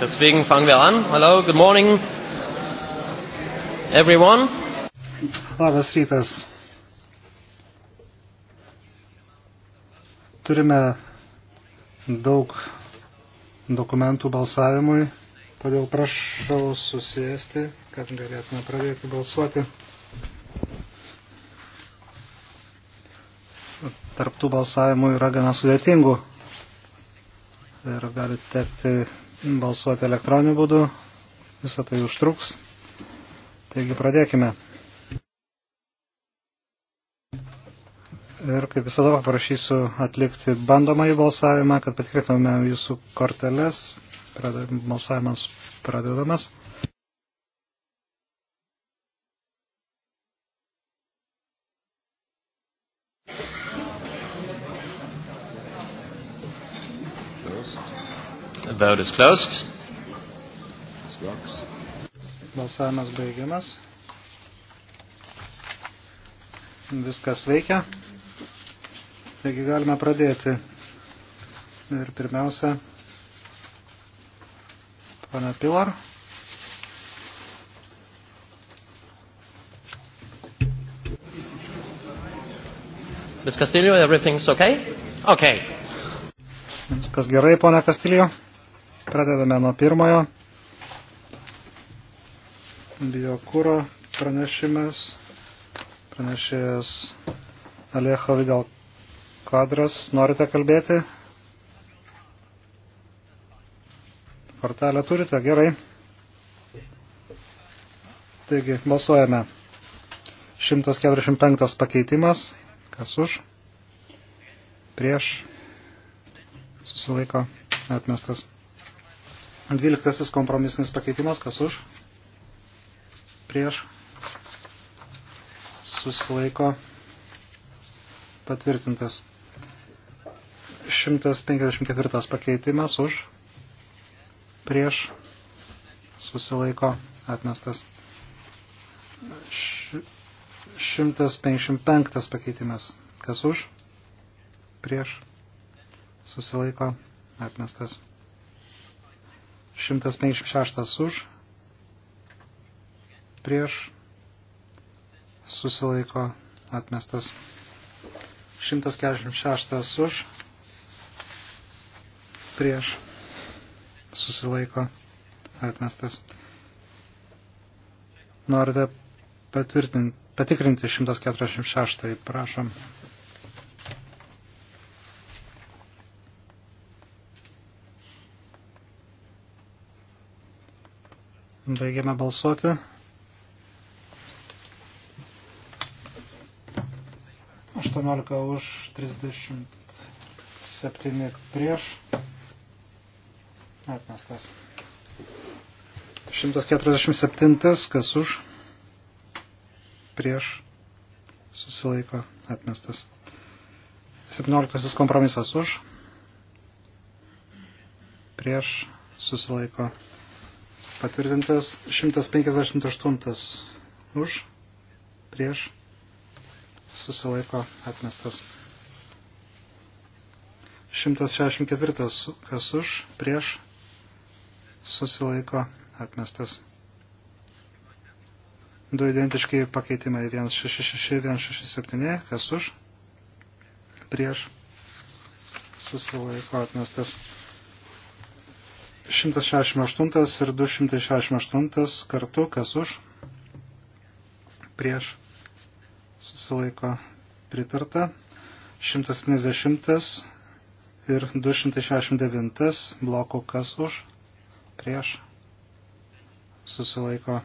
Speaker 1: Deswegen fangen wir an. Hello, good morning,
Speaker 2: everyone. Labas rytas. Turime daug dokumentų balsavimui, todėl prašau susėsti, kad galėtume pradėti balsuoti. tarptų balsavimų yra gana sudėtingų ir gali tekti balsuoti elektroniniu būdu. Visą tai užtruks. Taigi pradėkime. Ir kaip visada paprašysiu atlikti bandomąjį balsavimą, kad patikrintume jūsų korteles. Balsavimas pradedamas.
Speaker 1: The vote is closed.
Speaker 2: Balsavimas baigiamas. Viskas veikia. Taigi galime pradėti. Ir pirmiausia, pana Pilar. Ms.
Speaker 1: Castillo, everything's okay? Okay.
Speaker 2: Viskas gerai, ponia Castillo. Pradedame nuo pirmojo. Biokūro pranešimas. Pranešėjas Alejo Vidal Kvadras. Norite kalbėti? Kortelę turite? Gerai. Taigi, balsuojame. 145 pakeitimas. Kas už? Prieš. Susilaiko. Atmestas. Dvyliktasis kompromisinis pakeitimas, kas už? Prieš. Susilaiko. Patvirtintas. 154 pakeitimas už. Prieš. Susilaiko. Atmestas. 155 pakeitimas. Kas už? Prieš. Susilaiko. Atmestas. 156 už, prieš, susilaiko atmestas. 146 už, prieš, susilaiko atmestas. Norite patvirtinti, patikrinti 146, prašom. Baigiame balsuoti. Aštuoniolika už, trisdešimt septyni prieš. Atmestas. 147, kas už, prieš, susilaiko, atmestas. 17 kompromisas už, prieš, susilaiko, Patvirtintas 158 už, prieš, susilaiko atmestas. 164 kas už, prieš, susilaiko atmestas. Du identiški pakeitimai 166, 167, kas už, prieš, susilaiko atmestas. 168 ir 268 kartu, kas už, prieš, susilaiko pritarta, 170 ir 269 blokų, kas už, prieš, susilaiko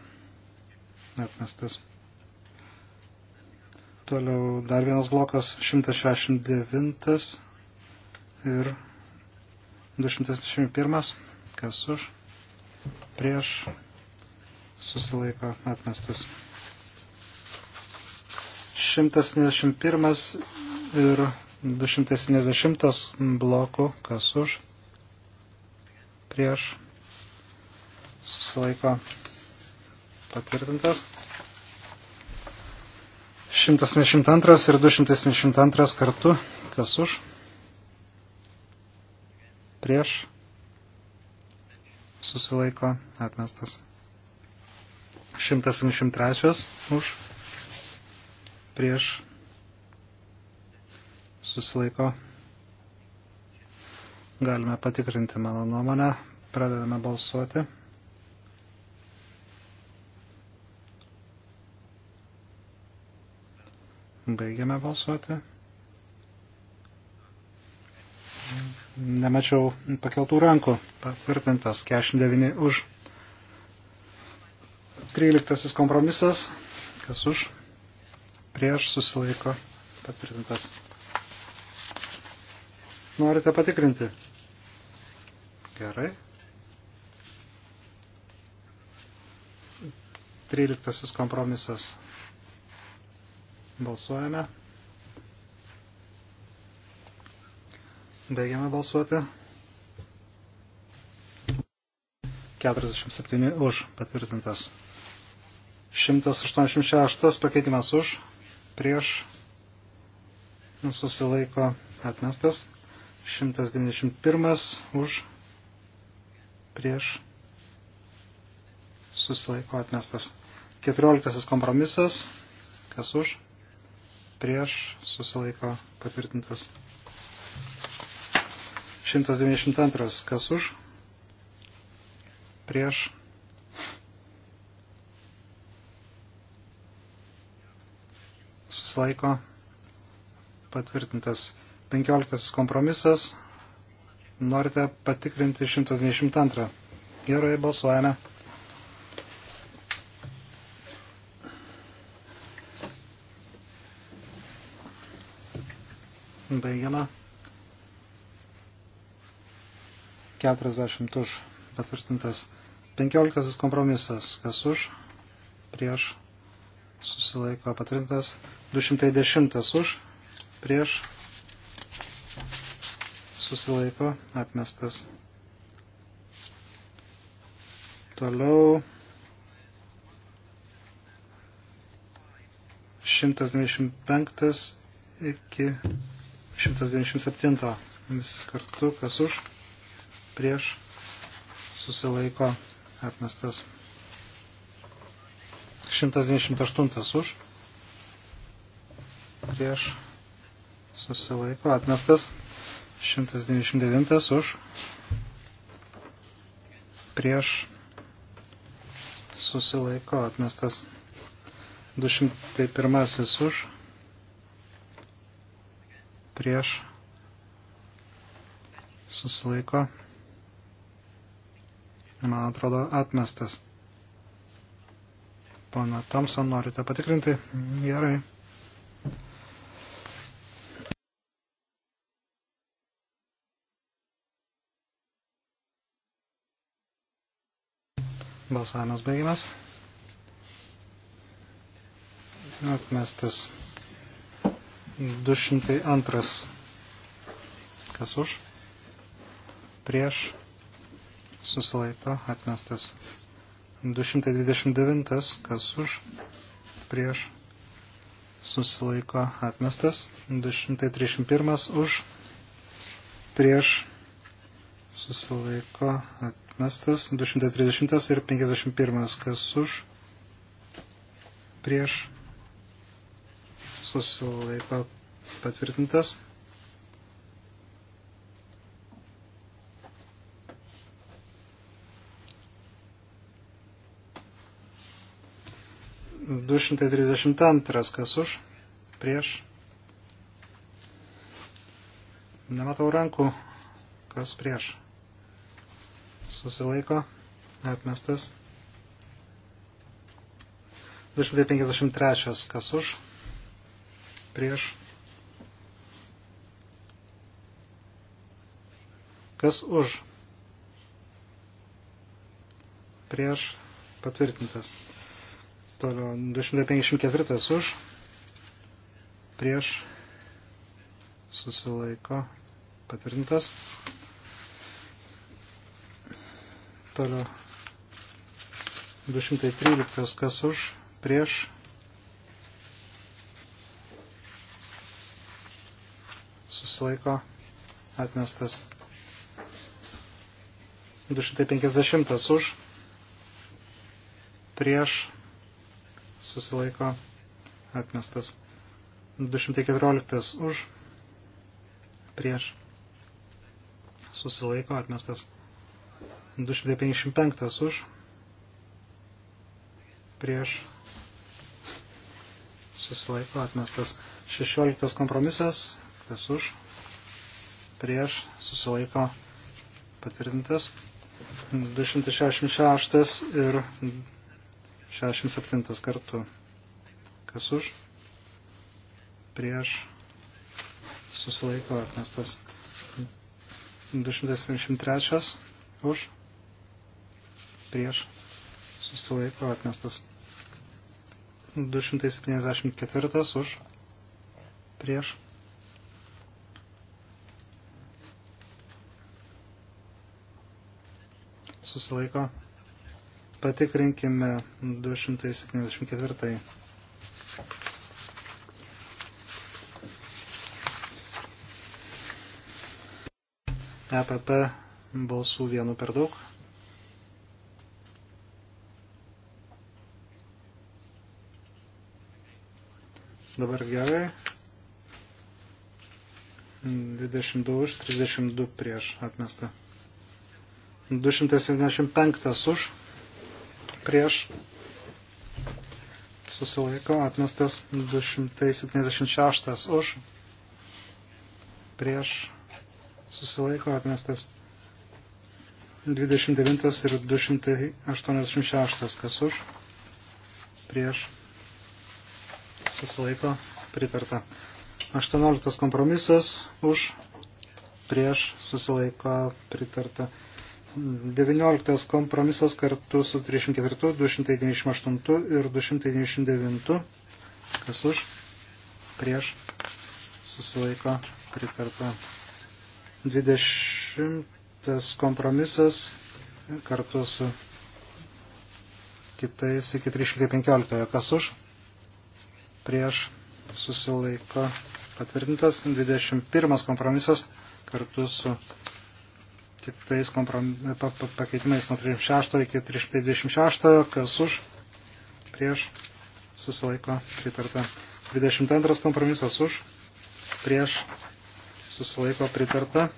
Speaker 2: atmestas. Toliau dar vienas blokas 169 ir 271 kas už, prieš, susilaiko atmestas. 191 ir 270 blokų, kas už, prieš, susilaiko patvirtintas. 172 ir 272 kartu, kas už, prieš, susilaiko atmestas. 173 už prieš susilaiko. Galime patikrinti mano nuomonę. Pradedame balsuoti. Baigiame balsuoti. nemačiau pakeltų rankų. Patvirtintas 49 už. 13 kompromisas. Kas už? Prieš susilaiko. Patvirtintas. Norite patikrinti? Gerai. 13 kompromisas. Balsuojame. Baigiame balsuoti. 47 už patvirtintas. 186 pakeitimas už, prieš, susilaiko atmestas. 191 už, prieš, susilaiko atmestas. 14 kompromisas, kas už, prieš, susilaiko patvirtintas. 192. Kas už? Prieš. Susilaiko. Patvirtintas 15 kompromisas. Norite patikrinti 122. Gerai, balsuojame. Baigiama. 40 už patvirtintas. 15 kompromisas, kas už, prieš, susilaiko patvirtintas. 210 už, prieš, susilaiko atmestas. Toliau 195 iki 197 visi kartu, kas už prieš susilaiko atmestas. 128 už prieš susilaiko atmestas. 199 už prieš susilaiko atmestas. 201 už prieš susilaiko atmestas man atrodo, atmestas. Pana Thompson, norite patikrinti? Gerai. Balsavimas baigimas. Atmestas 202. Kas už? Prieš susilaiko atmestas. 229, kas už, prieš, susilaiko atmestas. 231 už, prieš, susilaiko atmestas. 230 ir 51, kas už, prieš, susilaiko patvirtintas. 232, kas už, prieš. Nematau rankų, kas prieš. Susilaiko, atmestas. 253, kas už, prieš. Kas už? Prieš patvirtintas. Toliau 254 už. Prieš. Susilaiko. Patvirtintas. Toliau 213 kas už. Prieš. Susilaiko. Atmestas. 250 už prieš susilaiko atmestas. 214 už prieš susilaiko atmestas. 255 už prieš susilaiko atmestas. 16 kompromisas, kas už prieš susilaiko patvirtintas. 266 ir 67 kartu. Kas už? Prieš susilaiko atmestas. 273 už. Prieš susilaiko atmestas. 274 už. Prieš. Susilaiko atmestas. Patikrinkime 274. EPP balsų vienu per daug. Dabar gerai. 22 už, 32 prieš atmestą. 275 už prieš susilaiko atmestas 276 už prieš susilaiko atmestas 29 ir 286 kas už prieš susilaiko pritarta 18 kompromisas už prieš susilaiko pritarta 19 kompromisas kartu su 34, 298 ir 299. Kas už? Prieš. Susilaiko pritarta. 20 kompromisas kartu su kitais iki 315. Kas už? Prieš. Susilaiko patvirtintas. 21 kompromisas kartu su kitais komprom... pa, pa, pakeitimais nuo 36 iki 326, kas už, prieš, susilaiko, pritarta. 22 kompromisas už, prieš, susilaiko, pritarta.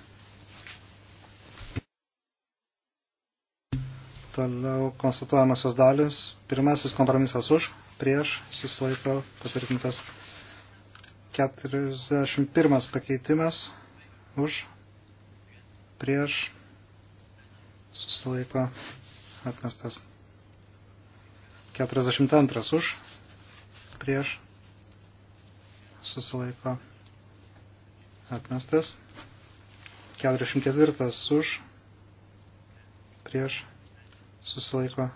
Speaker 2: Toliau konstatuojamosios dalis. Pirmasis kompromisas už, prieš, susilaiko, patvirtintas. 41 pakeitimas už, prieš, susilaiko atmestas. 42 už, prieš, susilaiko atmestas. 44 už, prieš, susilaiko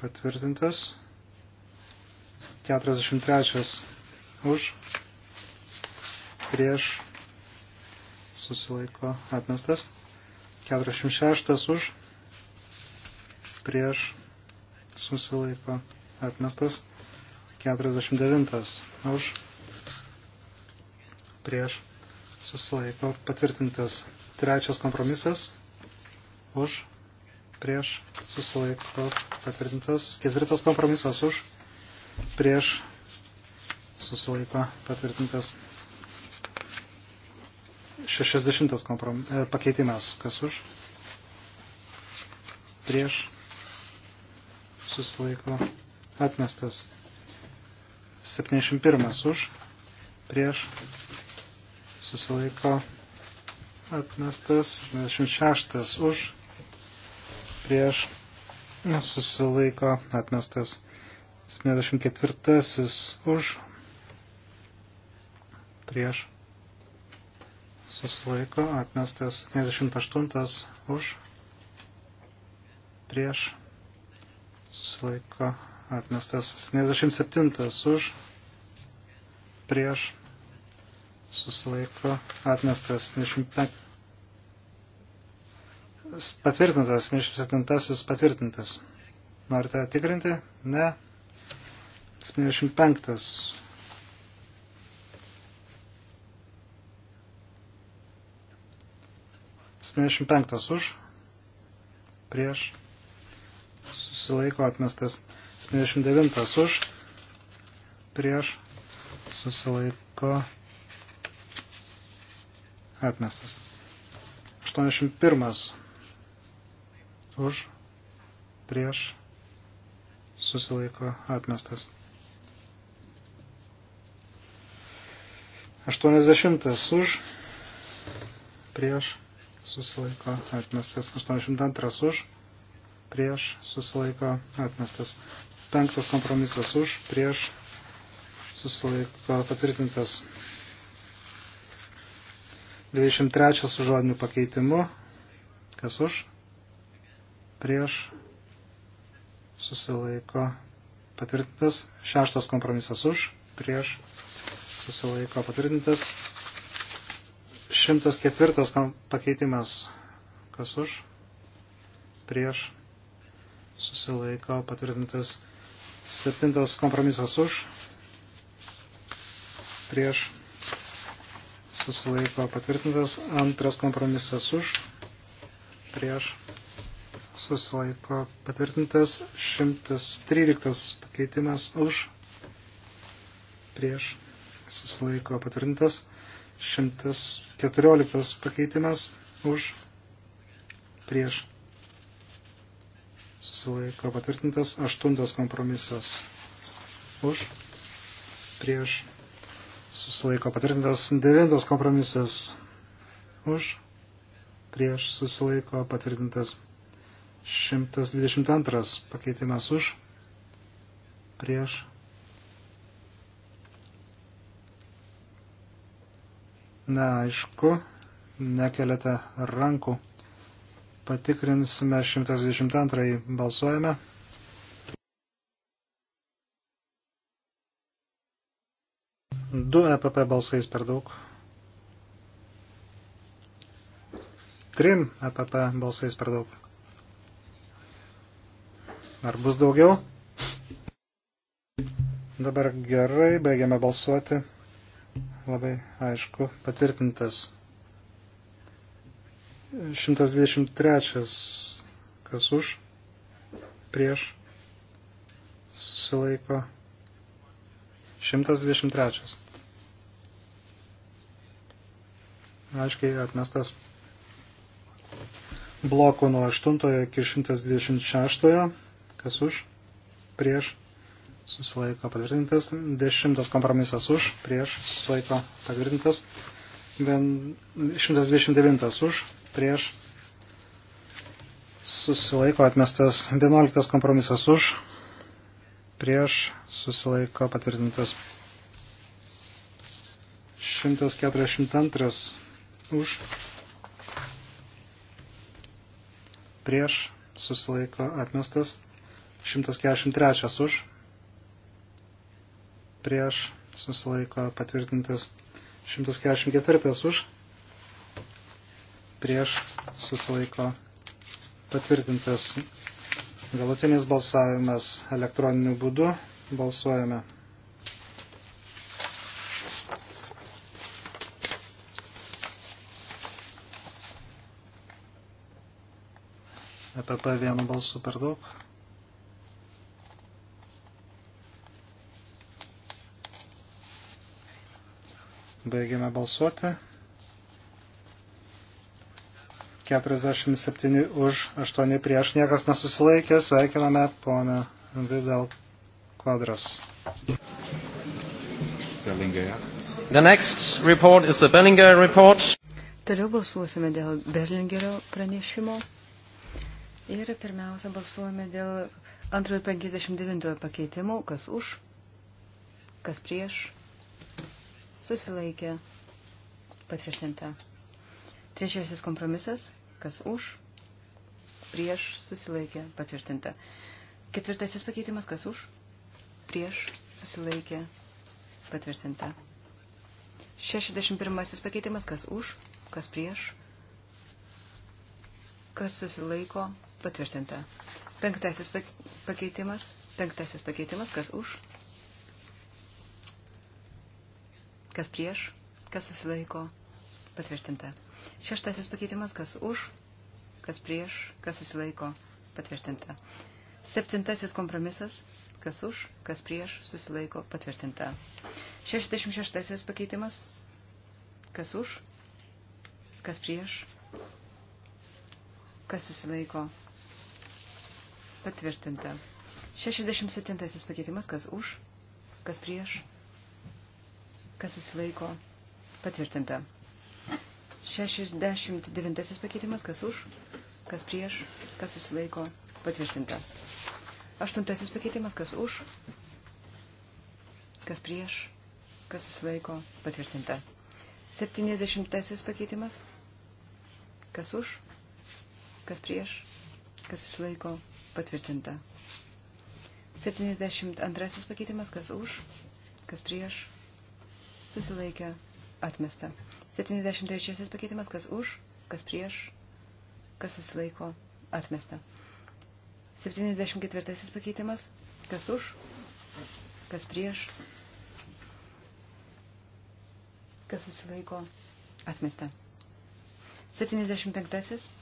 Speaker 2: patvirtintas. 43 už, prieš, susilaiko atmestas. 46 už, prieš susilaiko atmestas. 49 už, prieš susilaiko patvirtintas. Trečias kompromisas už, prieš susilaiko patvirtintas. Ketvirtas kompromisas už, prieš susilaiko patvirtintas. 60 komprom... E, pakeitimas. Kas už? Prieš. Susilaiko. Atmestas. 71 už. Prieš. Susilaiko. Atmestas. 76 už. Prieš. Susilaiko. Atmestas. 74 už. Prieš susilaiko, atmestas 78 už, prieš, susilaiko, atmestas 77 už, prieš, susilaiko, atmestas 75. Patvirtintas, 77 patvirtintas. Norite tikrinti? Ne. 75 95 už, prieš, susilaiko atmestas. 79 už, prieš, susilaiko atmestas. 81 už, prieš, susilaiko atmestas. 80 už, prieš, susilaiko atmestas 82 už, prieš susilaiko atmestas 5 kompromisas už, prieš susilaiko patvirtintas 23 su žodiniu pakeitimu, kas už, prieš susilaiko patvirtintas 6 kompromisas už, prieš susilaiko patvirtintas 104 pakeitimas. Kas už? Prieš. Susilaiko patvirtintas. 7 kompromisas už. Prieš. Susilaiko patvirtintas. Antras kompromisas už. Prieš. Susilaiko patvirtintas. 113 pakeitimas už. Prieš. Susilaiko patvirtintas. 114 pakeitimas už prieš susilaiko patvirtintas 8 kompromisas už prieš susilaiko patvirtintas 9 kompromisas už prieš susilaiko patvirtintas 122 pakeitimas už prieš neaišku, nekeliate rankų. Patikrinsime 122. Balsuojame. Du EPP balsais per daug. Trim EPP balsais per daug. Ar bus daugiau? Dabar gerai, baigiame balsuoti labai aišku patvirtintas. 123 kas už, prieš, susilaiko. 123. Aiškiai atmestas bloko nuo 8 iki 126, kas už, prieš, susilaiko patvirtintas, dešimtas kompromisas už, prieš susilaiko patvirtintas, 129 už, prieš susilaiko atmestas, 11 kompromisas už, prieš susilaiko patvirtintas, 142 už, prieš susilaiko atmestas, 143 už prieš susilaiko patvirtintas 144 už prieš susilaiko patvirtintas galutinis balsavimas elektroniniu būdu. Balsuojame. EPP vienu balsu per daug. Baigiame balsuoti. 47 už, 8 prieš, niekas nesusilaikė. Sveikiname poną Vidal Quadras. The next report is the Bellinger report.
Speaker 3: Toliau balsuosime dėl Berlingerio pranešimo. Ir pirmiausia balsuojame dėl antrojo 59 pakeitimų, kas už, kas prieš, susilaikė, patvirtinta. Trečiasis kompromisas, kas už, prieš, susilaikė, patvirtinta. Ketvirtasis pakeitimas, kas už, prieš, susilaikė, patvirtinta. 61 pakeitimas, kas už, kas prieš, kas susilaiko, patvirtinta. Penktasis pakeitimas, penktasis pakeitimas, kas už, Kas prieš? Kas susilaiko? Patvirtinta. Šeštasis pakeitimas. Kas už? Kas prieš? Kas susilaiko? Patvirtinta. Septintasis kompromisas. Kas už? Kas prieš? Susilaiko? Patvirtinta. Šešdešimt šeštasis pakeitimas. Kas už? Kas prieš? Kas susilaiko? Patvirtinta. 67 pakeitimas, kas už, kas prieš, kas susilaiko patvirtinta. 69 pakeitimas, kas už, kas prieš, kas susilaiko patvirtinta. Aštuntasis pakeitimas, kas už, kas prieš, kas susilaiko patvirtinta. Septyniasdešimtasis pakeitimas, kas už, kas prieš, kas susilaiko patvirtinta. 72 pakeitimas, kas už, kas prieš, susilaikė atmesta. 73 pakeitimas, kas už, kas prieš, kas susilaiko atmesta. 74 pakeitimas, kas už, kas prieš, kas susilaiko atmesta. 75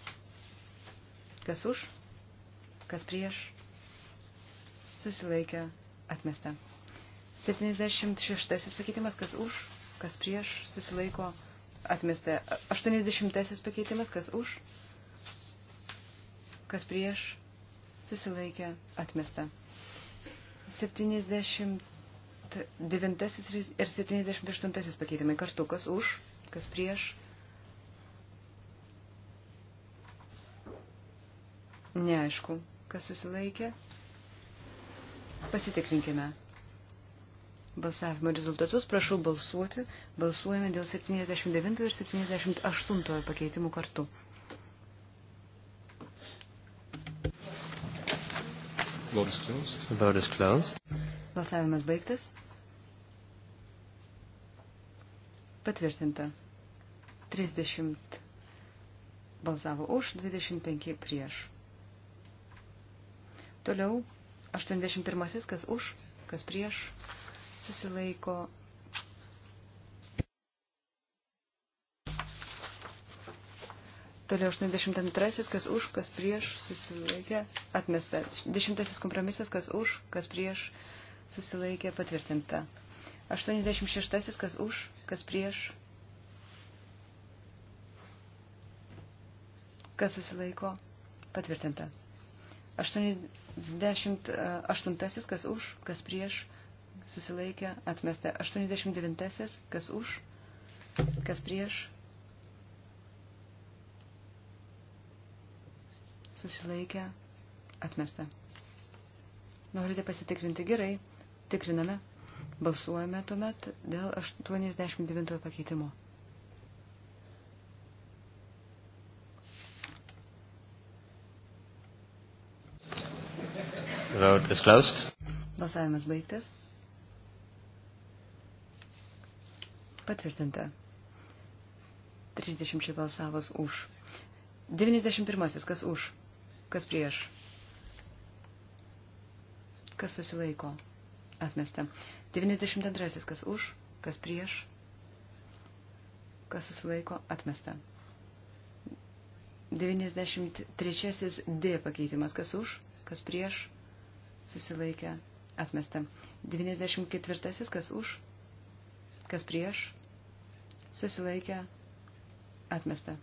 Speaker 3: kas už, kas prieš, susilaikė atmesta. 76 pakeitimas, kas už, kas prieš, susilaiko atmesta. 80 pakeitimas, kas už, kas prieš, susilaikė atmesta. 79 ir 78 pakeitimai kartu, kas už, kas prieš. Neaišku, kas susilaikė. Pasitikrinkime balsavimo rezultatus. Prašau balsuoti. Balsuojame dėl 79 ir 78 pakeitimų kartu.
Speaker 1: Vote is closed.
Speaker 3: Balsavimas baigtas. Patvirtinta. 30 balsavo už, 25 prieš. Toliau 81 kas už, kas prieš, susilaiko. Toliau 82, kas už, kas prieš, susilaikė, atmesta. 10 kompromisas, kas už, kas prieš, susilaikė, patvirtinta. 86, kas už, kas prieš, kas susilaiko, patvirtinta. 88, kas už, kas prieš, susilaikė, atmesta 89-asis, kas už, kas prieš, susilaikė, atmesta. Norite pasitikrinti gerai, tikriname, balsuojame tuomet dėl 89 pakeitimo. Vote is closed. Balsavimas baigtas. Patvirtinta. 30 balsavas už. 91. Kas už? Kas prieš? Kas susilaiko? Atmesta. 92. Kas už? Kas prieš? Kas susilaiko? Atmesta. 93 D pakeitimas. Kas už, kas prieš, susilaikė, atmesta. 94 kas už, Kas prieš? Susilaikė. Atmesta.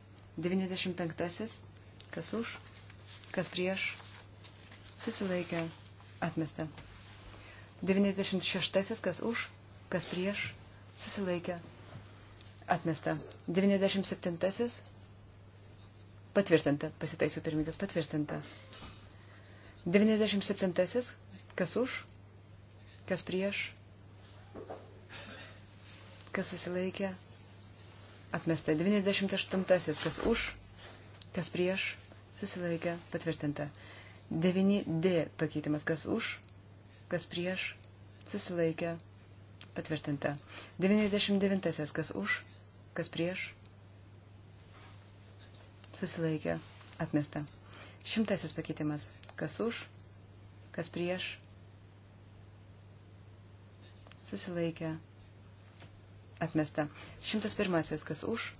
Speaker 3: 95. Kas už? Kas prieš? Susilaikė. Atmesta. 96. Kas už? Kas prieš? Susilaikė. Atmesta. 97. Patvirtinta. Pasitaisiu pirmininkas. Patvirtinta. 97. Kas už? Kas prieš? kas susilaikė, atmesta 98, kas už, kas prieš, susilaikė, patvirtinta. 9D pakeitimas, kas už, kas prieš, susilaikė, patvirtinta. 99, kas už, kas prieš, susilaikė, atmesta. Šimtasis pakeitimas, kas už, kas prieš, susilaikė, atmesta atmesta. 101. Kas už,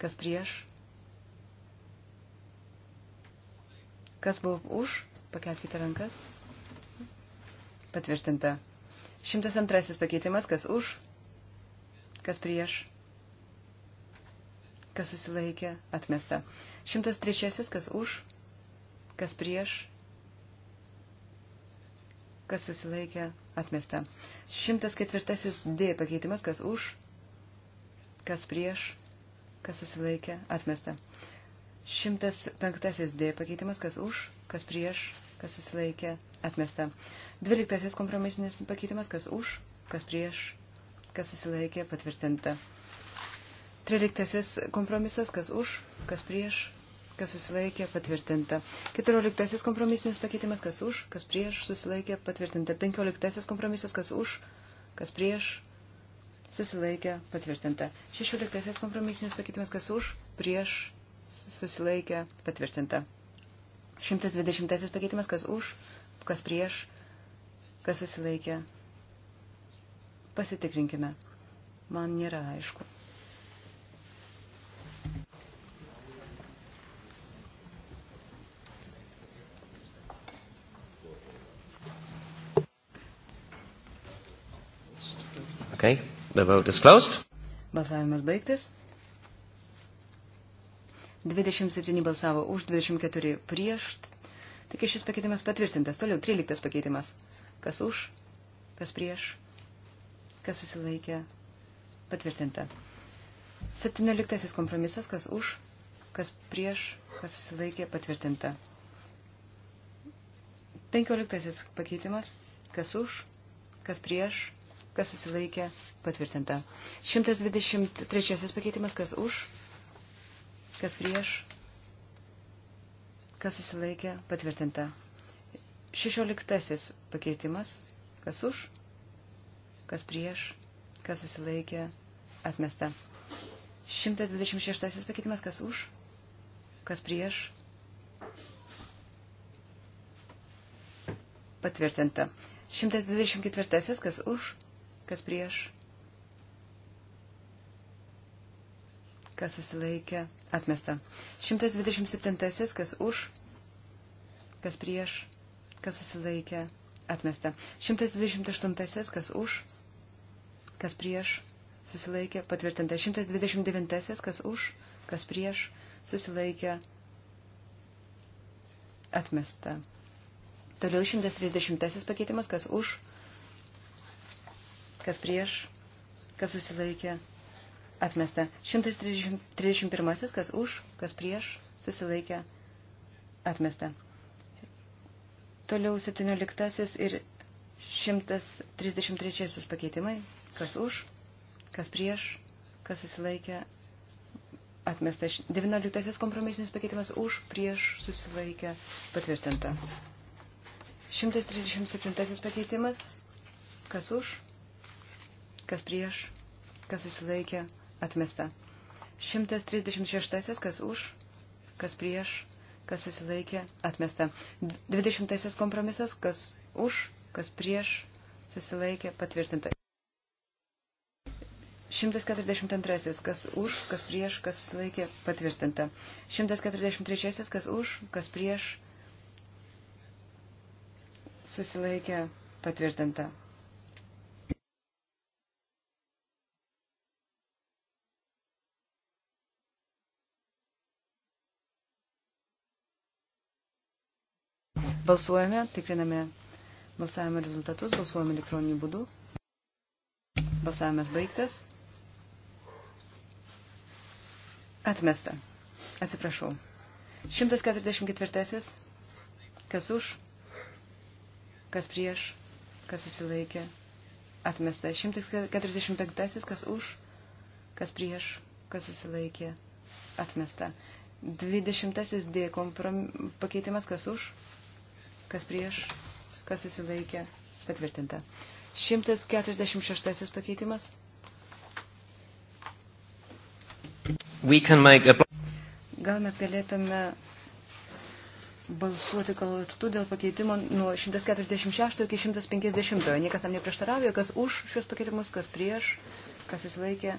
Speaker 3: kas prieš, kas buvo už, pakelkite rankas. Patvirtinta. 102. Pakeitimas. Kas už, kas prieš, kas susilaikė, atmesta. 103. Kas už, kas prieš, kas susilaikė, atmesta. 104 D pakeitimas, kas už, kas prieš, kas susilaikė, atmesta. 105 D pakeitimas, kas už, kas prieš, kas susilaikė, atmesta. 12 kompromisinis pakeitimas, kas už, kas prieš, kas susilaikė, patvirtinta. 13 kompromisas, kas už, kas prieš, kas susilaikė, patvirtinta. 14 kompromisinis pakeitimas, kas už, kas prieš, susilaikė, patvirtinta. 15 kompromisas, kas už, kas prieš, susilaikė, patvirtinta. 16 kompromisinis pakeitimas, kas už, prieš, susilaikė, patvirtinta. 120 pakeitimas, kas už, kas prieš, kas susilaikė. Pasitikrinkime. Man nėra aišku.
Speaker 1: Okay, the vote is closed.
Speaker 3: Balsavimas baigtas. 27 balsavo už, 24 prieš. Taigi šis pakeitimas patvirtintas. Toliau 13 pakeitimas. Kas už, kas prieš, kas susilaikė. Patvirtinta. 17 kompromisas. Kas už, kas prieš, kas susilaikė. Patvirtinta. 15 pakeitimas. Kas už, kas prieš, kas susilaikė, patvirtinta. 123 pakeitimas, kas už, kas prieš, kas susilaikė, patvirtinta. 16 pakeitimas, kas už, kas prieš, kas susilaikė, atmesta. 126 pakeitimas, kas už, kas prieš, patvirtinta. 124, kas už, kas prieš, kas susilaikė, atmesta. 127, kas už, kas prieš, kas susilaikė, atmesta. 128, kas už, kas prieš, susilaikė, patvirtinta. 129, kas už, kas prieš, susilaikė, atmesta. Toliau 130 pakeitimas, kas už, kas prieš, kas susilaikė, atmesta. 131, kas už, kas prieš, susilaikė, atmesta. Toliau 17 ir 133 pakeitimai, kas už, kas prieš, kas susilaikė, atmesta. 19 kompromisinis pakeitimas už, prieš, susilaikė, patvirtinta. 137 pakeitimas, kas už, kas prieš, kas susilaikė, atmesta. 136, kas už, kas prieš, kas susilaikė, atmesta. 20 kompromisas, kas už, kas prieš, susilaikė, patvirtinta. 142, kas už, kas prieš, kas susilaikė, patvirtinta. 143, kas už, kas prieš, susilaikė, patvirtinta. Balsuojame, tikriname balsavimo rezultatus, balsuojame elektroniniu būdu. Balsavimas baigtas. Atmesta. Atsiprašau. 144. Kas už, kas prieš, kas susilaikė. Atmesta. 145. Kas už, kas prieš, kas susilaikė. Atmesta. 20. D. Komprom... Pakeitimas kas už, kas prieš, kas susilaikė, patvirtinta. 146 pakeitimas.
Speaker 1: A...
Speaker 3: Gal mes galėtume balsuoti kartu dėl pakeitimo nuo 146 iki 150. Niekas tam neprieštaravė, kas už šios pakeitimus, kas prieš, kas įsilaikė,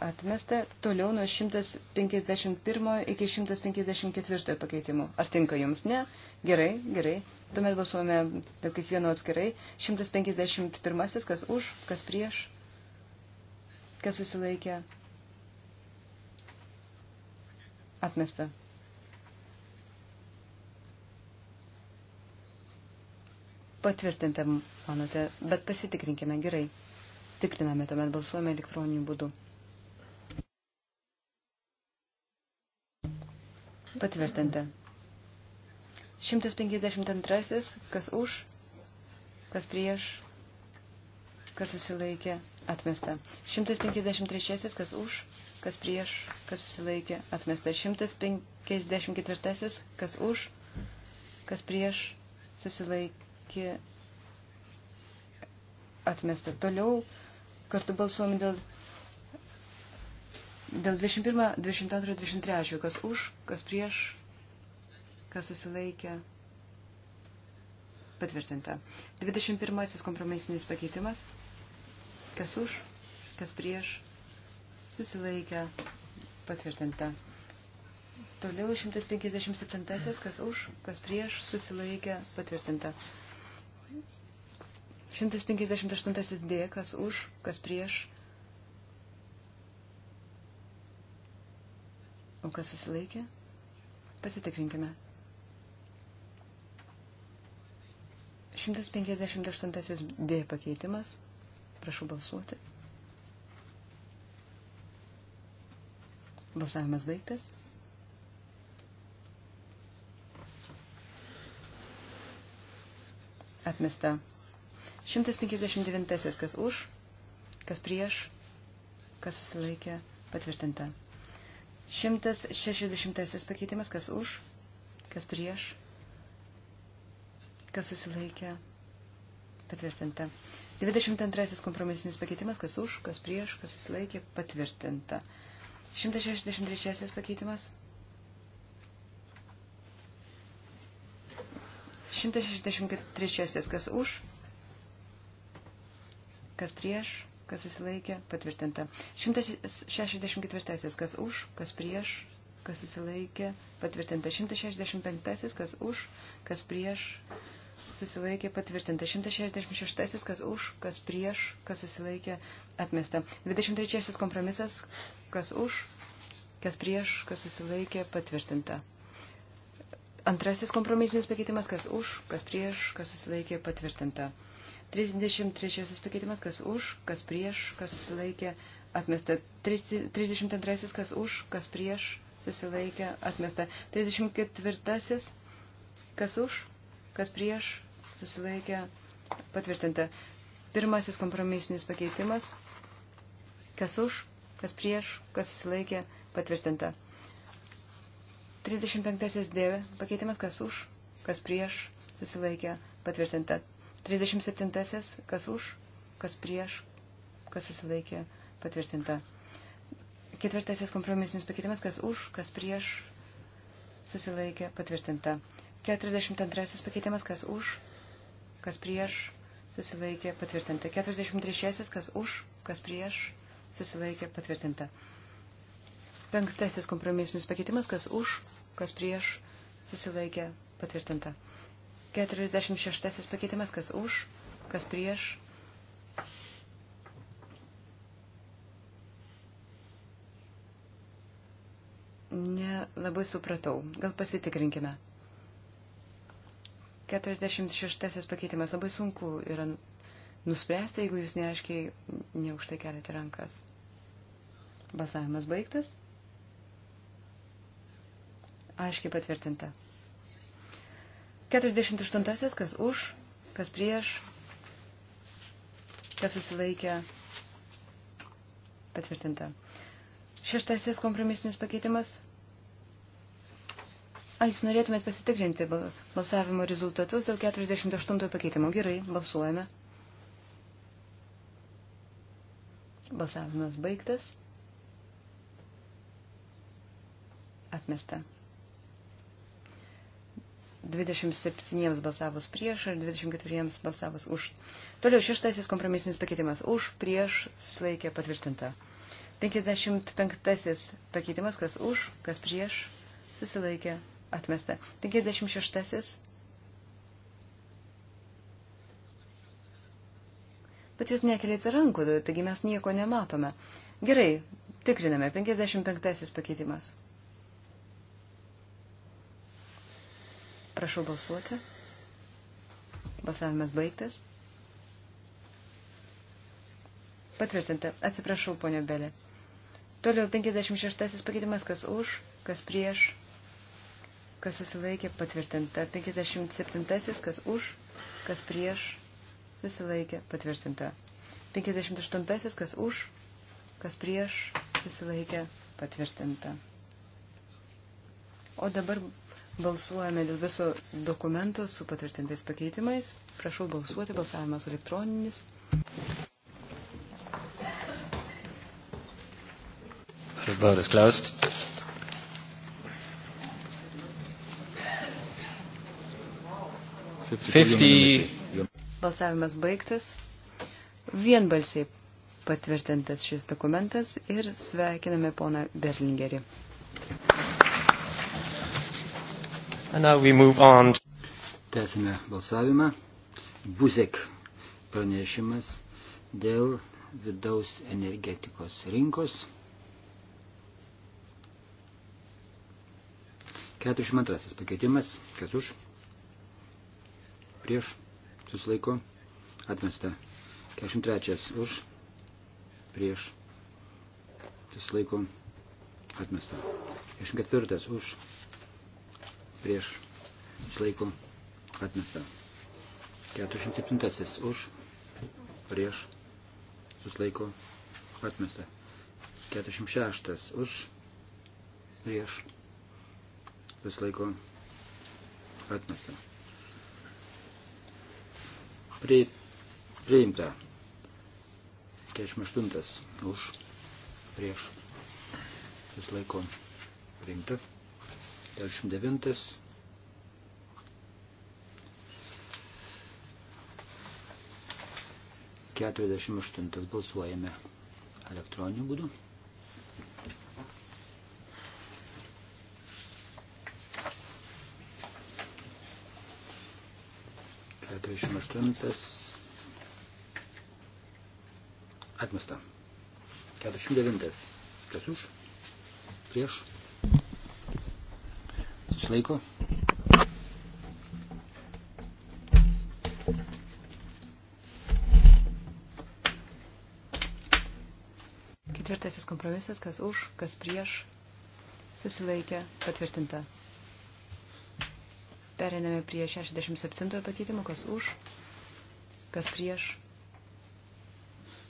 Speaker 3: atmesta. Toliau nuo 151 iki 154 pakeitimų. Ar tinka jums? Ne? Gerai, gerai. Tuomet balsuojame dėl kiekvieno atskirai. 151, kas už, kas prieš, kas susilaikė. Atmesta. Patvirtintam, manote, bet pasitikrinkime gerai. Tikriname, tuomet balsuojame elektroniniu būdu. Patvirtinta. 152. Kas už, kas prieš, kas susilaikė, atmesta. 153. Kas už, kas prieš, kas susilaikė, atmesta. 154. Kas už, kas prieš, susilaikė, atmesta. Toliau kartu balsuomi dėl Dėl 21, 22, 23, kas už, kas prieš, kas susilaikė. Patvirtinta. 21 kompromisinis pakeitimas. Kas už, kas prieš, susilaikė. Patvirtinta. Toliau 157, kas už, kas prieš, susilaikė. Patvirtinta. 158 D, kas už, kas prieš, O kas susilaikė? Pasitikrinkime. 158 D pakeitimas. Prašau balsuoti. Balsavimas baigtas. Atmesta. 159 kas už, kas prieš, kas susilaikė, patvirtinta. 160 pakeitimas, kas už, kas prieš, kas susilaikė, patvirtinta. 22 kompromisinis pakeitimas, kas už, kas prieš, kas susilaikė, patvirtinta. 163 pakeitimas. 163 kas už, kas prieš, kas susilaikė, patvirtinta. 164, kas už, kas prieš, kas susilaikė, patvirtinta. 165, kas už, kas prieš, susilaikė, patvirtinta. 166, kas už, kas prieš, kas susilaikė, atmesta. 23 kompromisas, kas už, kas prieš, kas susilaikė, patvirtinta. Antrasis kompromisinis pakeitimas, kas už, kas prieš, kas susilaikė, patvirtinta. 33 pakeitimas, kas už, kas prieš, kas susilaikė, atmesta. 32, kas už, kas prieš, susilaikė, atmesta. 34, kas už, kas prieš, susilaikė, patvirtinta. Pirmasis kompromisinis pakeitimas, kas už, kas prieš, kas susilaikė, patvirtinta. 35 dėvė, pakeitimas, kas už, kas prieš, susilaikė, patvirtinta. 37. Kas už, kas prieš, kas susilaikė, patvirtinta. Ketvirtasis kompromisinis pakeitimas, kas už, kas prieš, susilaikė, patvirtinta. 42 pakeitimas, kas už, kas prieš, susilaikė, patvirtinta. 43 kas už, kas prieš, susilaikė, patvirtinta. Penktasis kompromisinis pakeitimas, kas už, kas prieš, susilaikė, patvirtinta. 46 pakeitimas, kas už, kas prieš. Nelabai supratau. Gal pasitikrinkime. 46 pakeitimas labai sunku yra nuspręsti, jeigu jūs neaiškiai neužtai keliate rankas. Balsavimas baigtas. Aiškiai patvirtinta. 48. Kas už, kas prieš, kas susilaikė patvirtinta. Šeštasis kompromisinis pakeitimas. A, jūs norėtumėt pasitikrinti balsavimo rezultatus dėl 48 pakeitimo. Gerai, balsuojame. Balsavimas baigtas. Atmesta. 27 balsavus prieš ir 24 balsavus už. Toliau šeštasis kompromisinis pakeitimas už, prieš, susilaikė patvirtinta. 55 pakeitimas, kas už, kas prieš, susilaikė atmesta. 56. Bet jūs nekelėte rankų, taigi mes nieko nematome. Gerai, tikriname. 55 pakeitimas. Prašau balsuoti. Balsavimas baigtas. Patvirtinta. Atsiprašau, ponio Belė. Toliau 56 pakeitimas, kas už, kas prieš, kas susilaikė, patvirtinta. 57, kas už, kas prieš, susilaikė, patvirtinta. 58, kas už, kas prieš, susilaikė, patvirtinta. O dabar Balsuojame dėl viso dokumento su patvirtintais pakeitimais. Prašau balsuoti, balsavimas elektroninis.
Speaker 1: Vote is closed. Fifty.
Speaker 3: Balsavimas baigtas. Vienbalsiai patvirtintas šis dokumentas ir sveikiname poną Berlingerį.
Speaker 4: Tęsime balsavimą. Buzek pranešimas dėl vidaus energetikos rinkos. 42 pakeitimas. Kas už? Prieš. Susilaiko. Atmesta. 43 už. Prieš. Susilaiko. Atmesta. 44 už prieš išlaiko atmesta. 47 už prieš suslaiko atmesta. 46 už prieš suslaiko atmesta. Pri, priimta 48 už prieš suslaiko priimta. 49. Keturiasdešimt aštuntas balsuojame elektroniniu būdu. Keturiasdešimt aštuntas atmesta. Keturiasdešimt devintas. Kas už? Prieš? minutės laiko.
Speaker 3: Ketvirtasis kompromisas, kas už, kas prieš, susilaikė, patvirtinta. Pereiname prie 67 pakeitimo, kas už, kas prieš,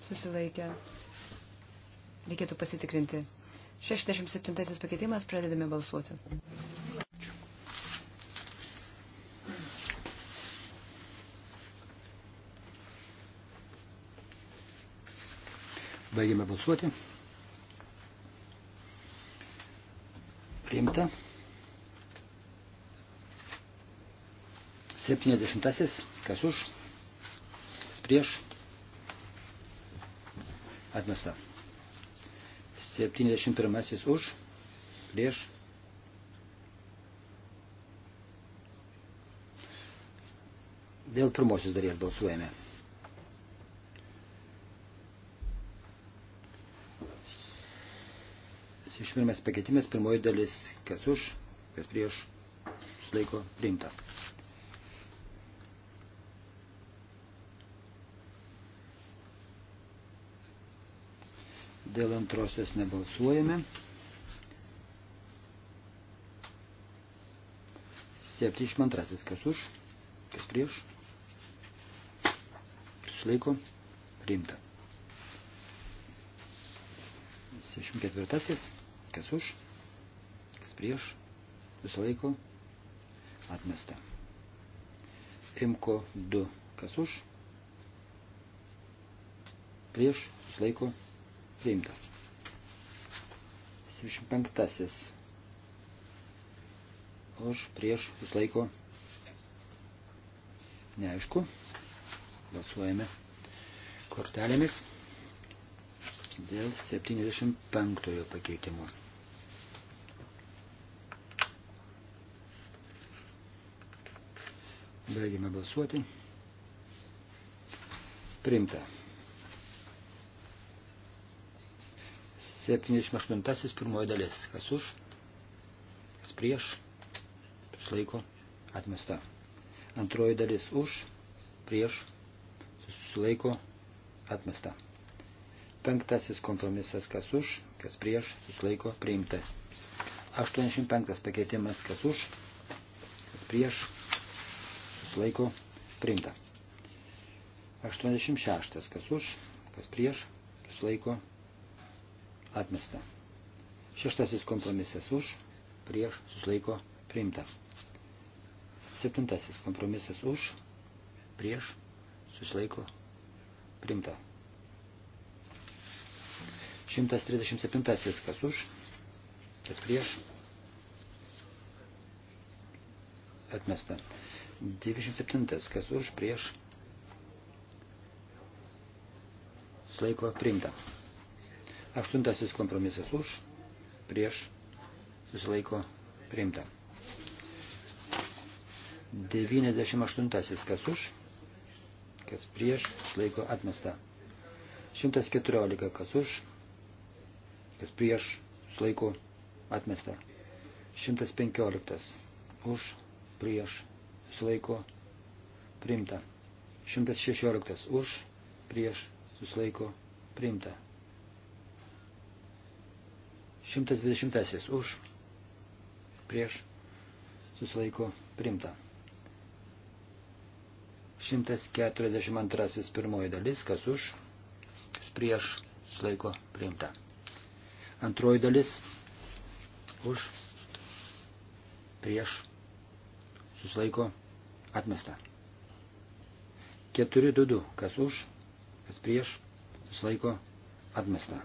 Speaker 3: susilaikė. Reikėtų pasitikrinti. 67 pakeitimas, pradedame balsuoti.
Speaker 4: Baigėme balsuoti. Priimta. 70. Kas už? Kas prieš? Atmesta. 71. Už? Prieš? Dėl pirmosios dalies balsuojame. 21 pakeitimas, pirmoji dalis, kas už, kas prieš, laiko priimta. Dėl antrosios nebalsuojame. 72. Kas už, kas prieš, susilaiko, priimta. 64 kas už, kas prieš, susilaiko, atmesta. Imko 2, kas už, prieš, susilaiko, priimta. 75. Už, prieš, susilaiko, neaišku, balsuojame kortelėmis dėl 75 pakeitimo. Baigime balsuoti. Primta. 78 pirmoji dalis. Kas už? Kas prieš? Susilaiko. Atmesta. Antroji dalis už. Prieš. Susilaiko. Atmesta. Penktasis kompromisas. Kas už? Kas prieš? Susilaiko. Priimta. 85 pakeitimas. Kas už? Kas prieš? susilaiko priimta. 86. Kas už, kas prieš, susilaiko atmesta. Šeštasis kompromisas už, prieš, susilaiko priimta. Septintasis kompromisas už, prieš, susilaiko priimta. 137. Kas už, kas prieš, atmesta. 97. Kas už prieš laiko priimta. Aštuntasis kompromisas už, prieš, susilaiko priimta. 98. kas už, kas prieš, susilaiko atmesta. 114. kas už, kas prieš, susilaiko atmesta. 115. už, prieš, susilaiko priimta. 116 už, prieš susilaiko priimta. 120 už, prieš susilaiko priimta. 142 pirmoji dalis, kas už, kas prieš susilaiko priimta. Antroji dalis už, prieš susilaiko priimta Atmesta. 4-2-2. Kas už, kas prieš, susilaiko. Atmesta.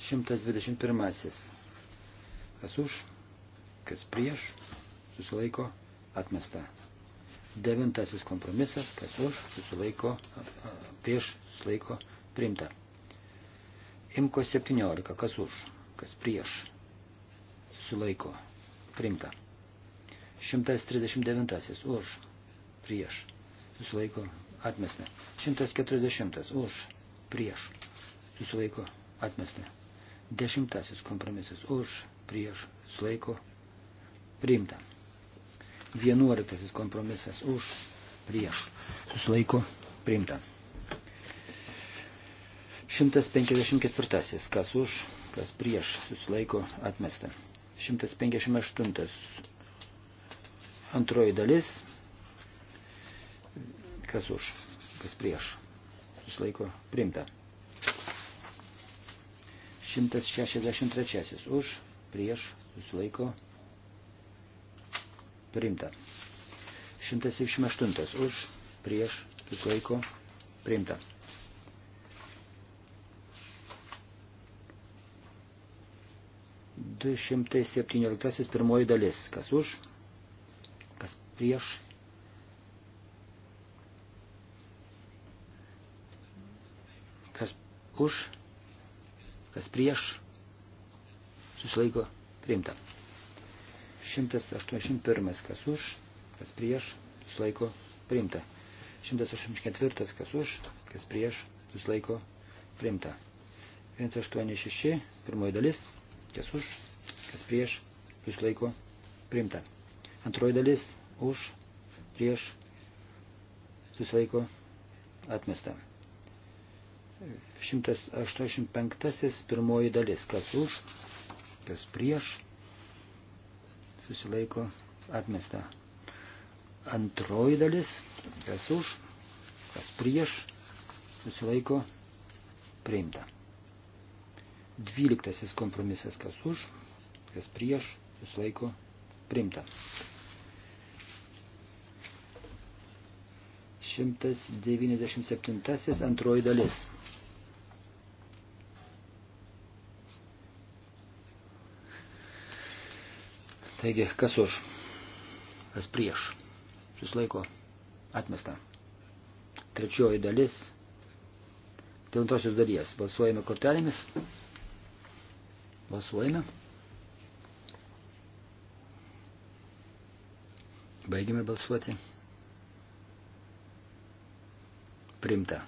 Speaker 4: 121. Kas už, kas prieš, susilaiko. Atmesta. Devintasis kompromisas, kas už, susilaiko, prieš, susilaiko, priimta. Imko 17, kas už, kas prieš, susilaiko, priimta. 139 už, prieš, susilaiko atmesta. 140 už, prieš, susilaiko atmesta. Dešimtasis kompromisas už, prieš, susilaiko priimta. Vienuoliktasis kompromisas už, prieš, susilaiko priimta. 154. Kas už, kas prieš, susilaiko atmesta. 158 Antroji dalis. Kas už, kas prieš. Susilaiko primta. 163 už, prieš, susilaiko primta. 178 už, prieš, susilaiko primta. Du šimtai septynioliktasis pirmoji dalis. Kas už? prieš. Kas už, kas prieš, susilaiko priimta. 181. Kas už, kas prieš, susilaiko priimta. 184. Kas už, kas prieš, susilaiko priimta. 186. Pirmoji dalis. Kas už, kas prieš, susilaiko priimta. Antroji dalis už, prieš, susilaiko atmesta. 185 pirmoji dalis, kas už, kas prieš, susilaiko atmesta. Antroji dalis, kas už, kas prieš, susilaiko priimta. Dvyliktasis kompromisas, kas už, kas prieš, susilaiko priimta. 197 antroji dalis. Taigi, kas už, kas prieš, susilaiko atmesta. Trečioji dalis, devintosios dalies, balsuojame kortelėmis, balsuojame. Baigime balsuoti. Primta.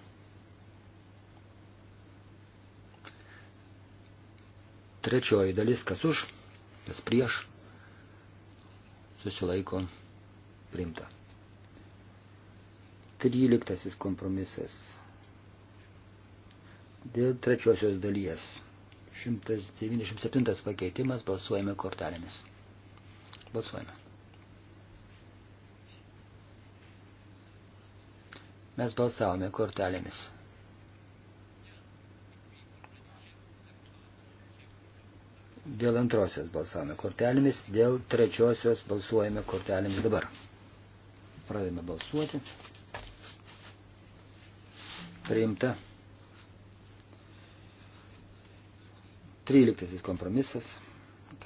Speaker 4: Trečioji dalis, kas už, kas prieš, susilaiko primta. Tryliktasis kompromisas. Dėl trečiosios dalies. 197 pakeitimas balsuojame kortelėmis. Balsuojame. Mes balsavome kortelėmis. Dėl antrosios balsavome kortelėmis, dėl trečiosios balsuojame kortelėmis dabar. Pradėjome balsuoti. Priimta. 13 kompromisas.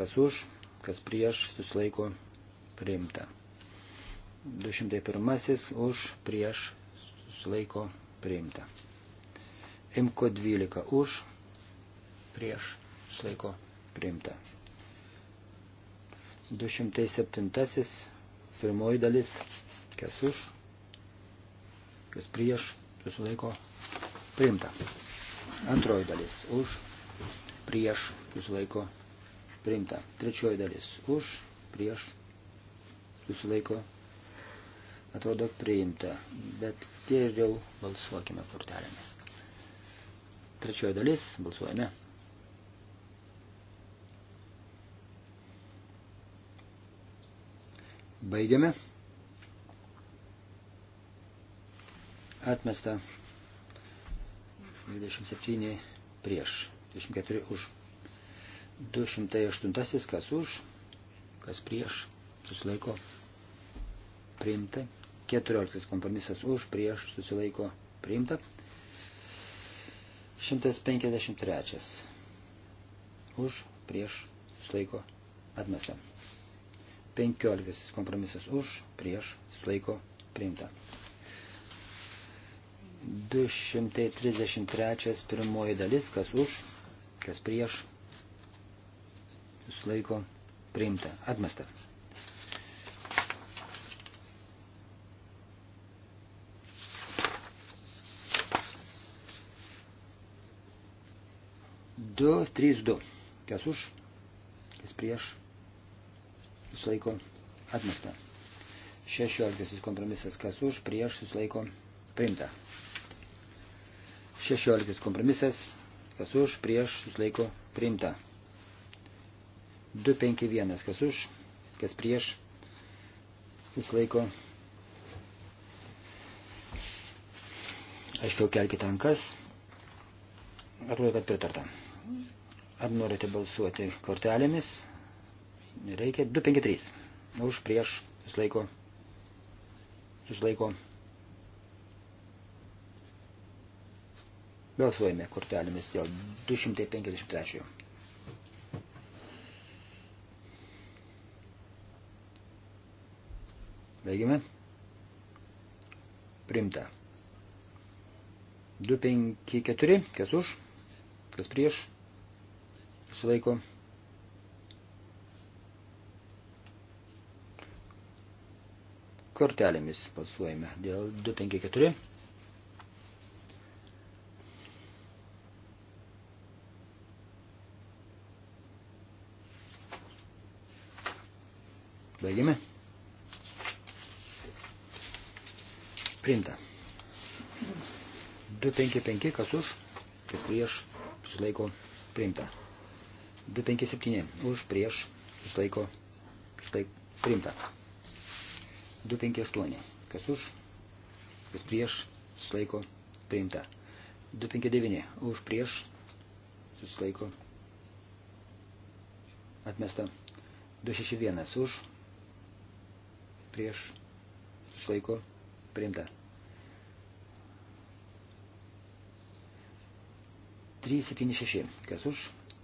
Speaker 4: Kas už, kas prieš, susilaiko priimta. 201 už, prieš, sulaiko priimta. Imko 12 už, prieš sulaiko priimta. 207 pirmoji dalis, kas už, kas prieš, kas sulaiko priimta. Antroji dalis už, prieš, susilaiko priimta. Trečioji dalis už, prieš, susilaiko priimta Atrodo priimta, bet geriau balsuokime kortelėmis. Trečioji dalis, balsuojame. Baigiame. Atmesta 27 prieš, 24 už. 208 kas už, kas prieš, susilaiko priimta. 14 kompromisas už, prieš, susilaiko, priimta. 153. Už, prieš, susilaiko, atmesta. 15 kompromisas už, prieš, susilaiko, priimta. 233 pirmoji dalis, kas už, kas prieš, susilaiko, priimta, atmestas. 2, 3, 2. Kas už, kas prieš, susilaiko atmesta. 16 kompromisas, kas už, prieš, susilaiko priimta. 16 kompromisas, kas už, prieš, susilaiko priimta. 2, 5, 1, kas už, kas prieš, susilaiko priimta. aiškiau kelkite rankas. Atrodo, kad pritarta. Ar norite balsuoti kortelėmis? Reikia 253. Už prieš susilaiko. Susilaiko. Balsuojame kortelėmis dėl 253. Baigime. Primta. 254, kas už? kas prieš, susilaiko. Kortelėmis balsuojame dėl 254. Baigime. Priimta. 255, kas už, kas prieš, susilaiko priimta. 257 už prieš susilaiko štai priimta. 258 kas už, kas prieš susilaiko priimta. 259 už prieš susilaiko atmesta. 261 už prieš susilaiko priimta. 376. Kas už,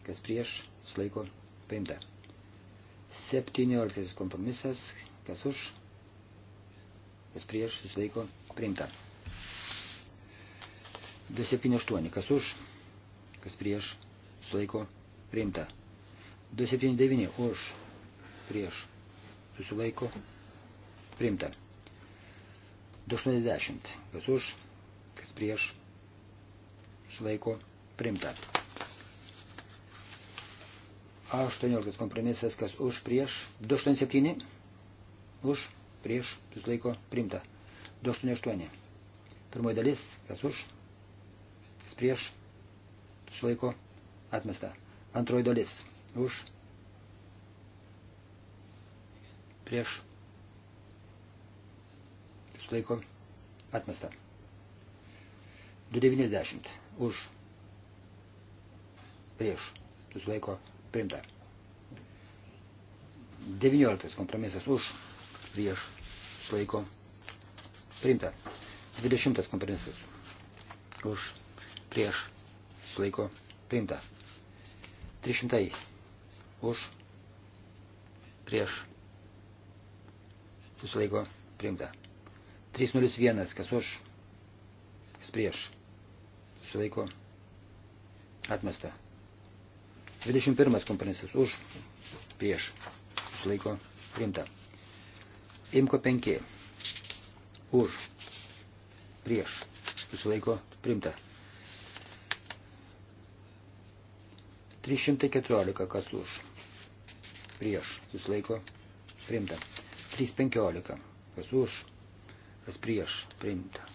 Speaker 4: kas prieš, sulaiko paimta. 17 kompromisas. Kas už, kas prieš, sulaiko priimta. 278. Kas už, kas prieš, sulaiko priimta. 279. Už, prieš, susilaiko priimta. 280. Kas už, kas prieš, sulaiko priimta primta. 18 kompromisas, kas už prieš, 287, už prieš, susilaiko primta. 288. Pirmoji dalis, kas už, kas prieš, susilaiko atmesta. Antroji dalis, už, prieš, susilaiko atmesta. 290, už, prieš susilaiko priimta. 19 kompromisas už prieš susilaiko priimta. 20 kompromisas už prieš susilaiko priimta. 300 už prieš susilaiko priimta. 301 kas už kas prieš susilaiko atmesta. 21 kompromisas už, prieš, susilaiko priimta. Imko 5 už, prieš, susilaiko priimta. 314 kas už, prieš, susilaiko priimta. 315 kas už, kas prieš, priimta.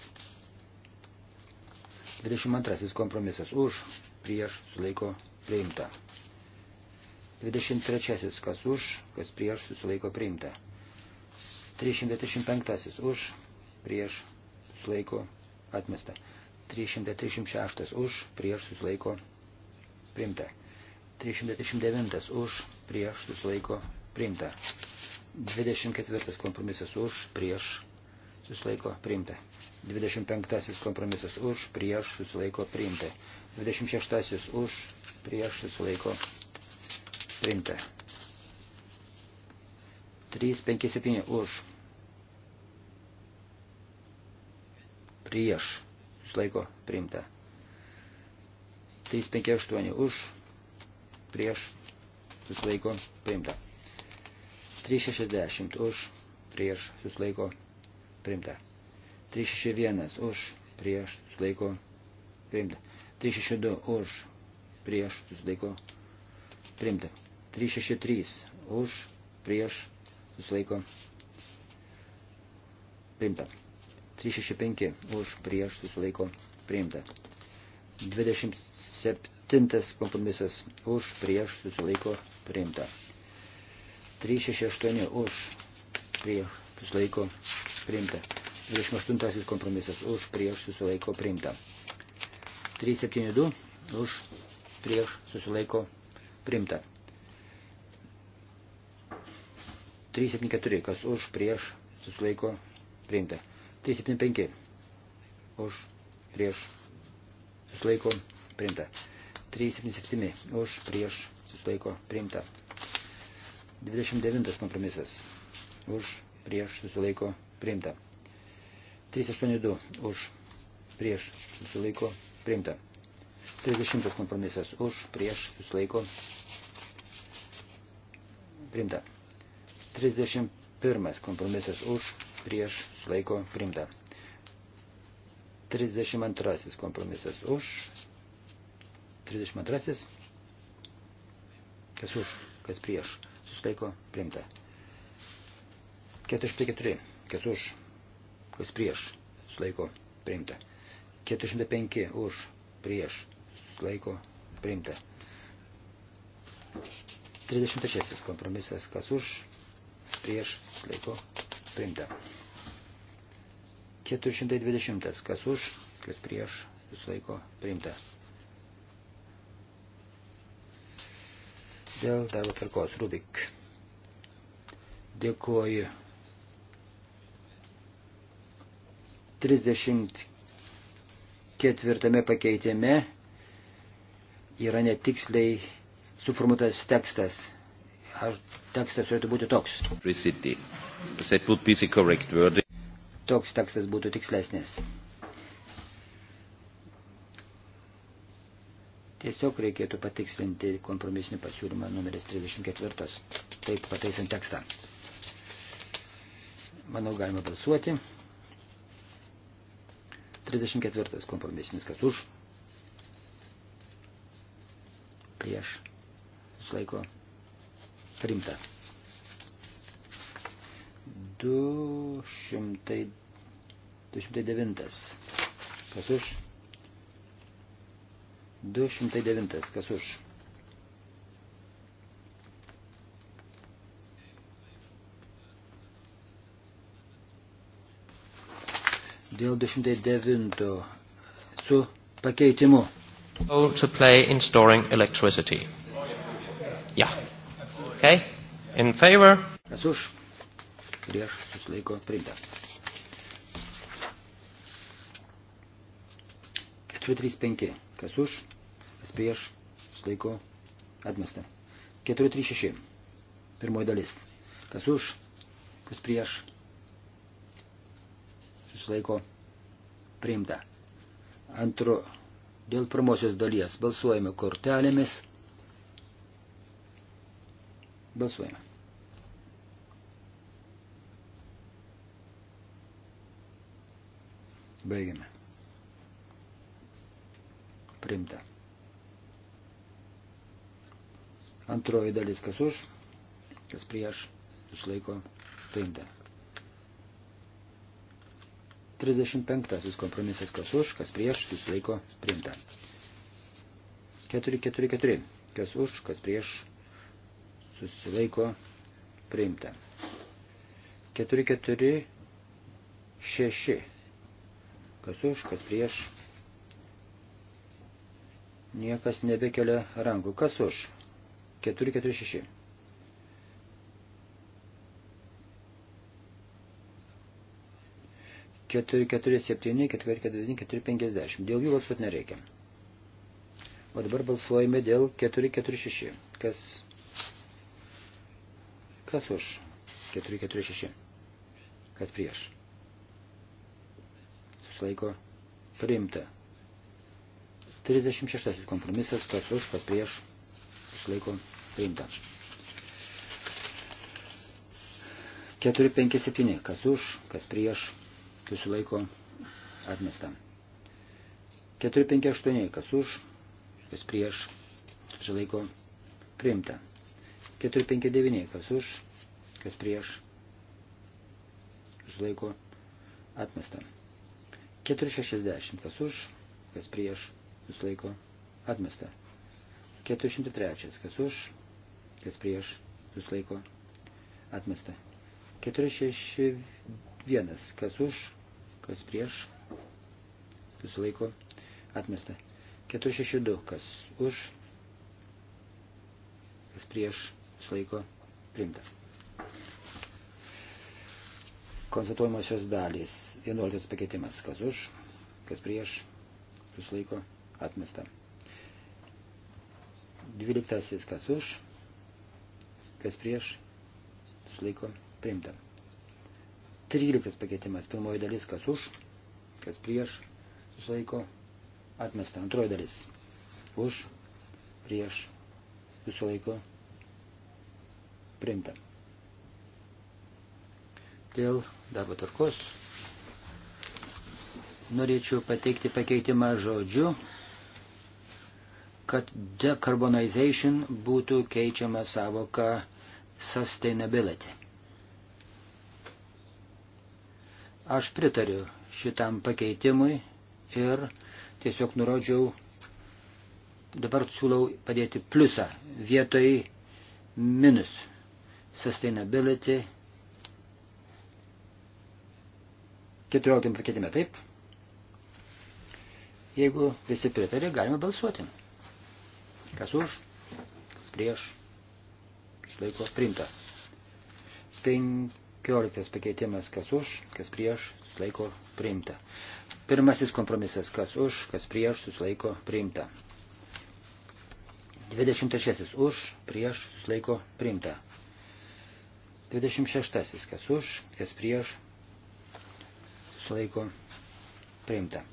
Speaker 4: 22 kompromisas už, prieš, sulaiko, priimta. 23. Kas už, kas prieš, susilaiko priimta. 335. Už, prieš, susilaiko atmesta. 336. Už, prieš, susilaiko priimta. 339. Už, prieš, susilaiko priimta. 24. Kompromisas už, prieš, susilaiko priimta. 25. Kompromisas už, prieš, susilaiko priimta. 26 už prieš susilaiko priimta. 357 už prieš susilaiko priimta. 358 už prieš susilaiko priimta. 360 už prieš susilaiko priimta. 361 už prieš susilaiko priimta. 362 už, prieš, susilaiko, priimta. 363 už, prieš, susilaiko, priimta. 365 už, prieš, susilaiko, priimta. 27 kompromisas už, prieš, susilaiko, priimta. 368 už, prieš, susilaiko, priimta. 28 kompromisas už, prieš, susilaiko, priimta. 372 už prieš susilaiko primta. 374, kas už prieš susilaiko priimta. 375, už prieš susilaiko priimta. 377, už prieš susilaiko priimta. 29 kompromisas, už prieš susilaiko priimta. 382, už prieš susilaiko Priimta. 30 kompromisas už, prieš, susilaiko. Priimta. 31 kompromisas už, prieš, susilaiko. Priimta. 32 kompromisas už. 32. Kas už, kas prieš. Susilaiko. Priimta. 404. Kas už, kas prieš. Susilaiko. Priimta. 405 už prieš laiko priimta. 36 kompromisas, kas už prieš laiko priimta. 420, kas už, kas prieš, jūs laiko priimta. Dėl darbo tvarkos, Rubik. Dėkuoju. 30 ketvirtame pakeitime yra netiksliai suformuotas tekstas. Aš, tekstas turėtų būti toks. Toks tekstas būtų tikslesnis. Tiesiog reikėtų patikslinti kompromisinį pasiūlymą numeris 34, taip pataisant tekstą. Manau, galima balsuoti. 34 kompromisinis, kas už, prieš, susilaiko, primta. 200, 209, kas už, 209, kas už. dėl 209 su pakeitimu.
Speaker 1: To play in storing electricity. Yeah. Okay. In favor.
Speaker 4: Kas už? Prieš susilaiko priimta. 435. Kas už? Kas prieš susilaiko atmesta. 436. Pirmoji dalis. Kas už? Kas prieš susilaiko priimta. Antru, dėl pirmosios dalies balsuojame kortelėmis. Balsuojame. Baigiame. Primta. Antroji dalis, kas už, kas prieš, išlaiko, primta. 35 kompromisas kas už, kas prieš, jis laiko priimta. 444 kas už, kas prieš, susilaiko priimta. 446 kas už, kas prieš, niekas nebekelia rankų. Kas už? 446. 447, 449, 450. Dėl jų balsuoti nereikia. O dabar balsuojame dėl 446. Kas, kas už 446? Kas prieš? Susilaiko priimta. 36 kompromisas, kas už, kas prieš, susilaiko priimta. 457, kas už, kas prieš, kas laiko atmesta. 458, kas už, kas prieš, kas laiko priimta. 459, kas už, kas prieš, kas laiko atmesta. 460, kas už, kas prieš, kas laiko atmesta. 403, kas už, kas prieš, kas laiko atmesta. 464, Vienas, kas už, kas prieš, kas laiko, atmesta. 462, kas už, kas prieš, kas laiko, primta. Konstatuojamosios dalys. 11 pakeitimas, kas už, kas prieš, kas laiko, atmesta. 12 kas už, kas prieš, kas laiko, primta. 13 pakeitimas. Pirmoji dalis, kas už, kas prieš, susilaiko, atmesta. Antroji dalis, už, prieš, susilaiko, priimta. Dėl darbo tvarkos norėčiau pateikti pakeitimą žodžiu, kad decarbonization būtų keičiama savoka sustainability. Aš pritariu šitam pakeitimui ir tiesiog nurodžiau, dabar siūlau padėti pliusą vietoj minus sustainability 14 pakeitime, taip? Jeigu visi pritarė, galime balsuoti. Kas už, kas prieš, išlaiko priimta. 5 15 pakeitimas, kas už, kas prieš, susilaiko priimta. Pirmasis kompromisas, kas už, kas prieš, susilaiko priimta. 26 už, prieš, susilaiko priimta. 26 kas už, kas prieš, susilaiko priimta.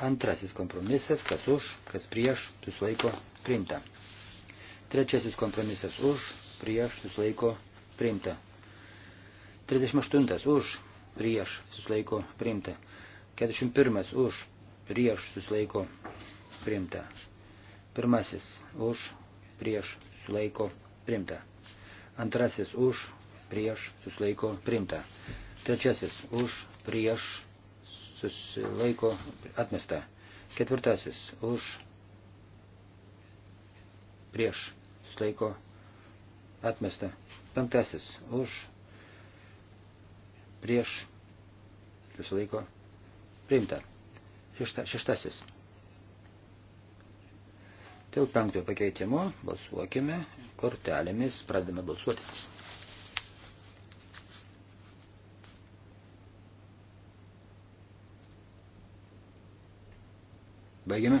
Speaker 4: Antrasis kompromisas, kas už, kas prieš, susilaiko priimta. Trečiasis kompromisas už, prieš, susilaiko priimta priimta. 38 už, prieš, susilaiko, priimta. 41 už, prieš, susilaiko, priimta. Pirmasis už, prieš, susilaiko, priimta. Antrasis už, prieš, susilaiko, priimta. Trečiasis už, prieš, susilaiko, atmesta. Ketvirtasis už, prieš, susilaiko, priimta atmesta. Penktasis už, prieš, visą laiko, priimta. Šešta, šeštasis. Dėl penktojo pakeitimo balsuokime kortelėmis, pradame balsuoti. Baigiame.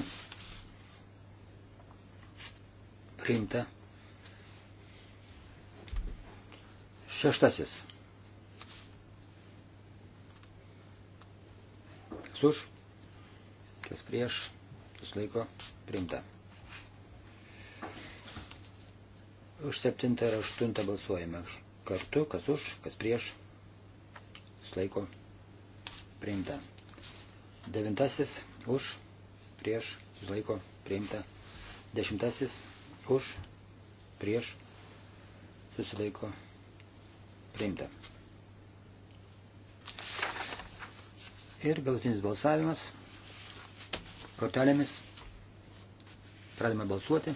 Speaker 4: Priimta. Šeštasis. Kas už, kas prieš, kas laiko priimta. Už septintą ir aštuntą balsuojame kartu, kas už, kas prieš, kas laiko priimta. Devintasis už, prieš, kas laiko priimta. Dešimtasis už, prieš, susilaiko priimta priimta. Ir galutinis balsavimas kortelėmis. Pradame balsuoti.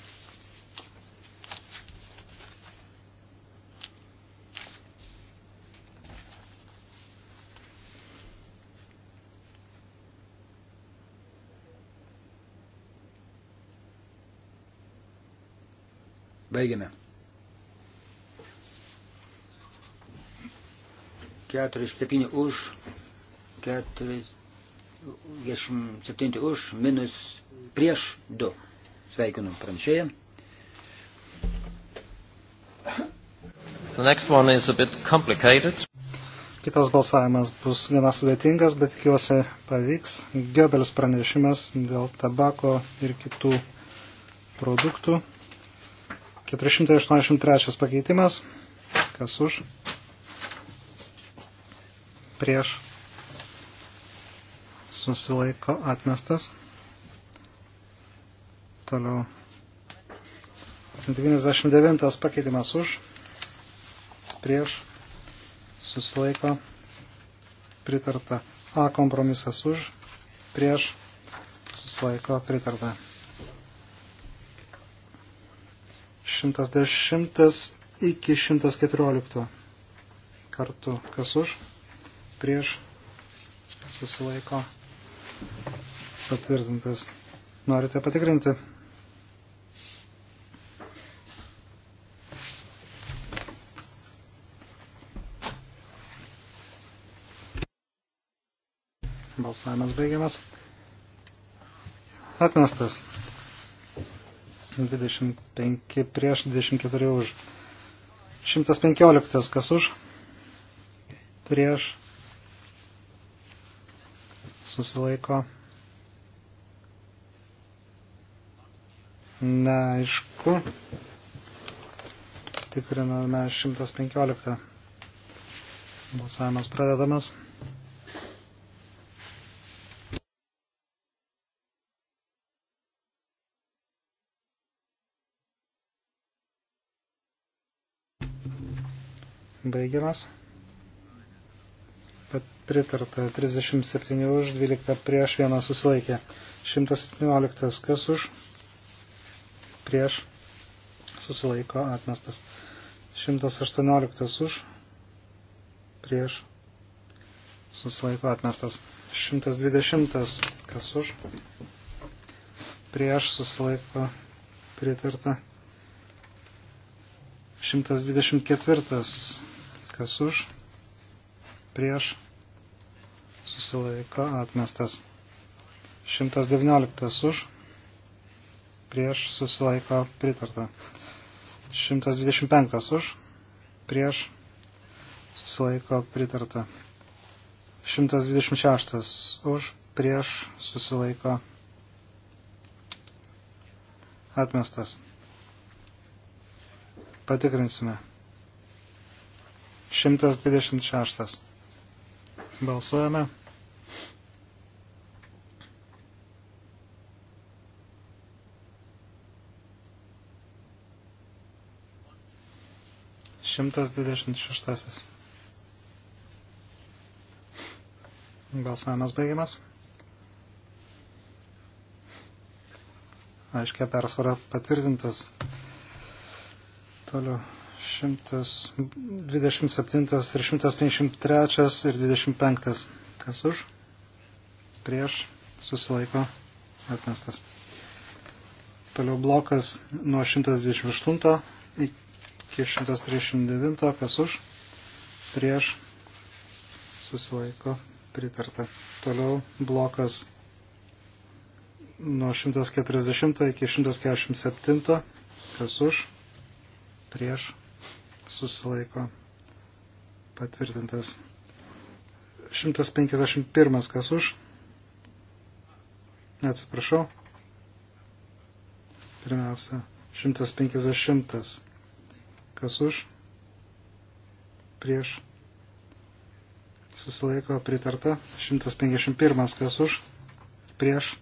Speaker 4: Baigiame. 47 už, 47 už, minus prieš 2. Sveikinu pranešėją.
Speaker 1: The next one is a bit complicated.
Speaker 2: Kitas balsavimas bus gana sudėtingas, bet tikiuosi pavyks. Gebelis pranešimas dėl tabako ir kitų produktų. 483 pakeitimas. Kas už? prieš susilaiko atmestas. Toliau 99 pakeitimas už prieš susilaiko pritarta. A kompromisas už prieš susilaiko pritarta. 110 iki 114 kartu. Kas už? prieš, kas susilaiko, patvirtintas. Norite patikrinti? Balsavimas baigiamas. Atmestas. 25 prieš 24 už. 115 kas už. Prieš susilaiko. Neaišku. Tikriname 115. Balsavimas pradedamas. Baigiamas pritarta 37 už, 12 prieš, 1 susilaikė. 117 kas už, prieš, susilaiko, atmestas. 118 už, prieš, susilaiko, atmestas. 120 kas už, prieš, susilaiko, pritarta. 124 kas už, prieš prieš susilaiko atmestas. 119 už prieš susilaiko pritarta. 125 už prieš susilaiko pritarta. 126 už prieš susilaiko atmestas. Patikrinsime. 126. Balsuojame. Šimtas dvidešimt šeštasis. Balsavimas baigiamas. Aiškia persvara patvirtintas. Toliau. 127 ir 153 ir 25. Kas už? Prieš susilaiko atmestas. Toliau blokas nuo 128 iki 139. Kas už? Prieš susilaiko pritarta. Toliau blokas nuo 140 iki 147. Kas už? Prieš susilaiko patvirtintas. 151 kas už. Atsiprašau. Pirmiausia, 150 kas už. Prieš. Susilaiko pritarta. 151 kas už. Prieš.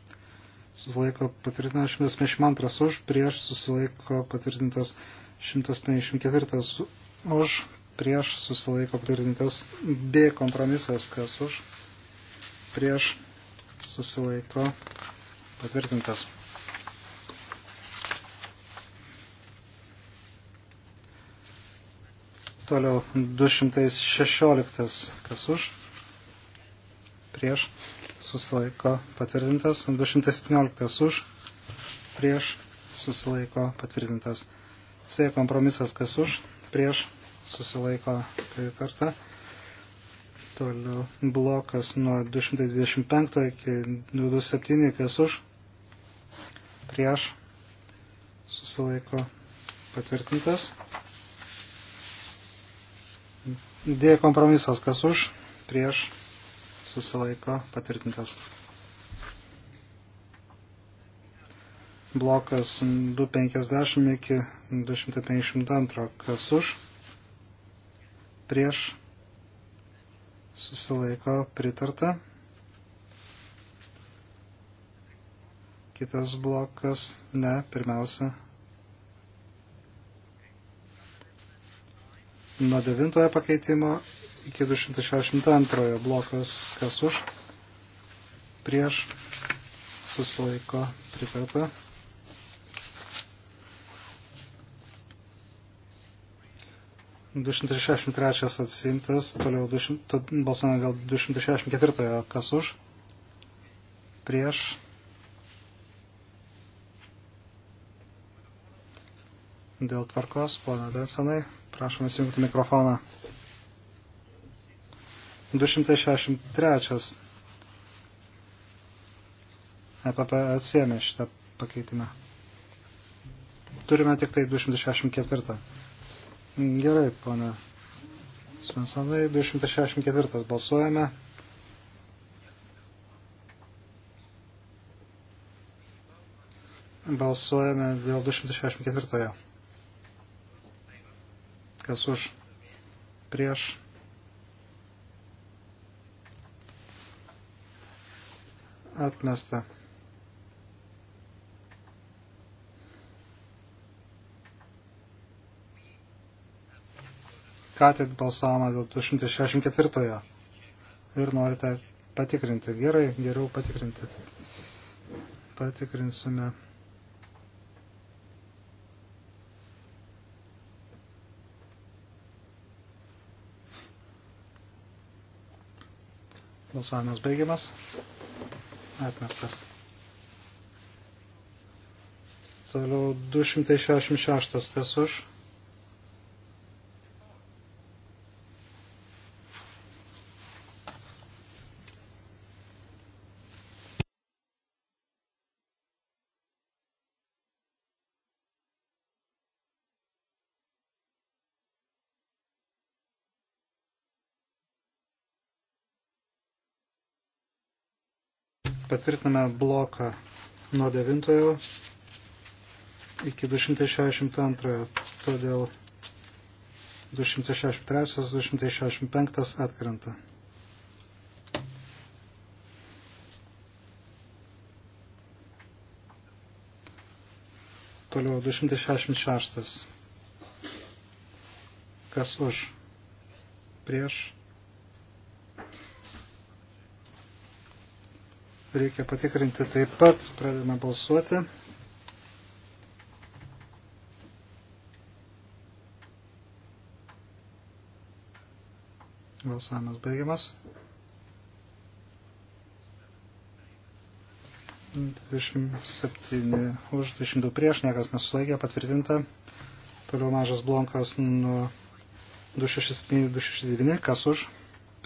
Speaker 2: Susilaiko patvirtintas. 152 už. Prieš. Susilaiko patvirtintas. 154 už, prieš susilaiko patvirtintas B kompromisas, kas už, prieš susilaiko patvirtintas. Toliau 216, kas už, prieš susilaiko patvirtintas, 217 už, prieš susilaiko patvirtintas. C kompromisas kas už, prieš susilaiko pritarta. Toliau blokas nuo 225 iki 27 kas už, prieš susilaiko patvirtintas. D kompromisas kas už, prieš susilaiko patvirtintas. blokas 250 iki 252, kas už, prieš, susilaiko pritarta. Kitas blokas, ne, pirmiausia. Nuo devintojo pakeitimo iki 262 blokas, kas už, prieš, susilaiko pritarta. 263 atsimtas, toliau 200, balsuojame dėl 264, kas už, prieš. Dėl tvarkos, pana Vensenai, prašom įsijungti mikrofoną. 263. EPP atsiemė šitą pakeitimą. Turime tik tai 264. Mm, gerai, pana Svensonai, 264 balsuojame. Balsuojame dėl 264. Kas už? Prieš? Atmesta. ką tik balsavome dėl 264 ir norite patikrinti. Gerai, geriau patikrinti. Patikrinsime. Balsavimas baigiamas. Atmestas. Toliau 266 kas už. patvirtiname bloką nuo 9 iki 262, todėl 263, 265 atkrenta. Toliau 266. Kas už? Prieš? reikia patikrinti taip pat. Pradedame balsuoti. Balsavimas baigiamas. 27 už 22 prieš, niekas nesulaikė, patvirtinta. Toliau mažas blonkas nuo 267-269, kas už,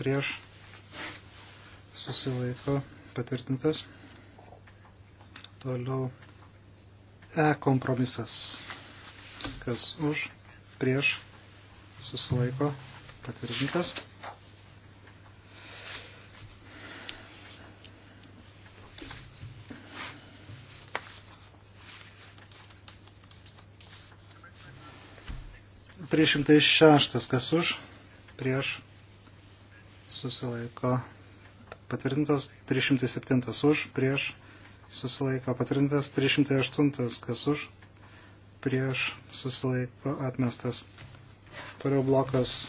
Speaker 2: prieš, susilaiko, patvirtintas. Toliau E kompromisas. Kas už, prieš, susilaiko, patvirtintas. Trys šimtai šeštas, kas už, prieš, susilaiko, patvirtintas patvirtintas 307 už, prieš susilaiko patvirtintas 308 kas už, prieš susilaiko atmestas. Toliau blokas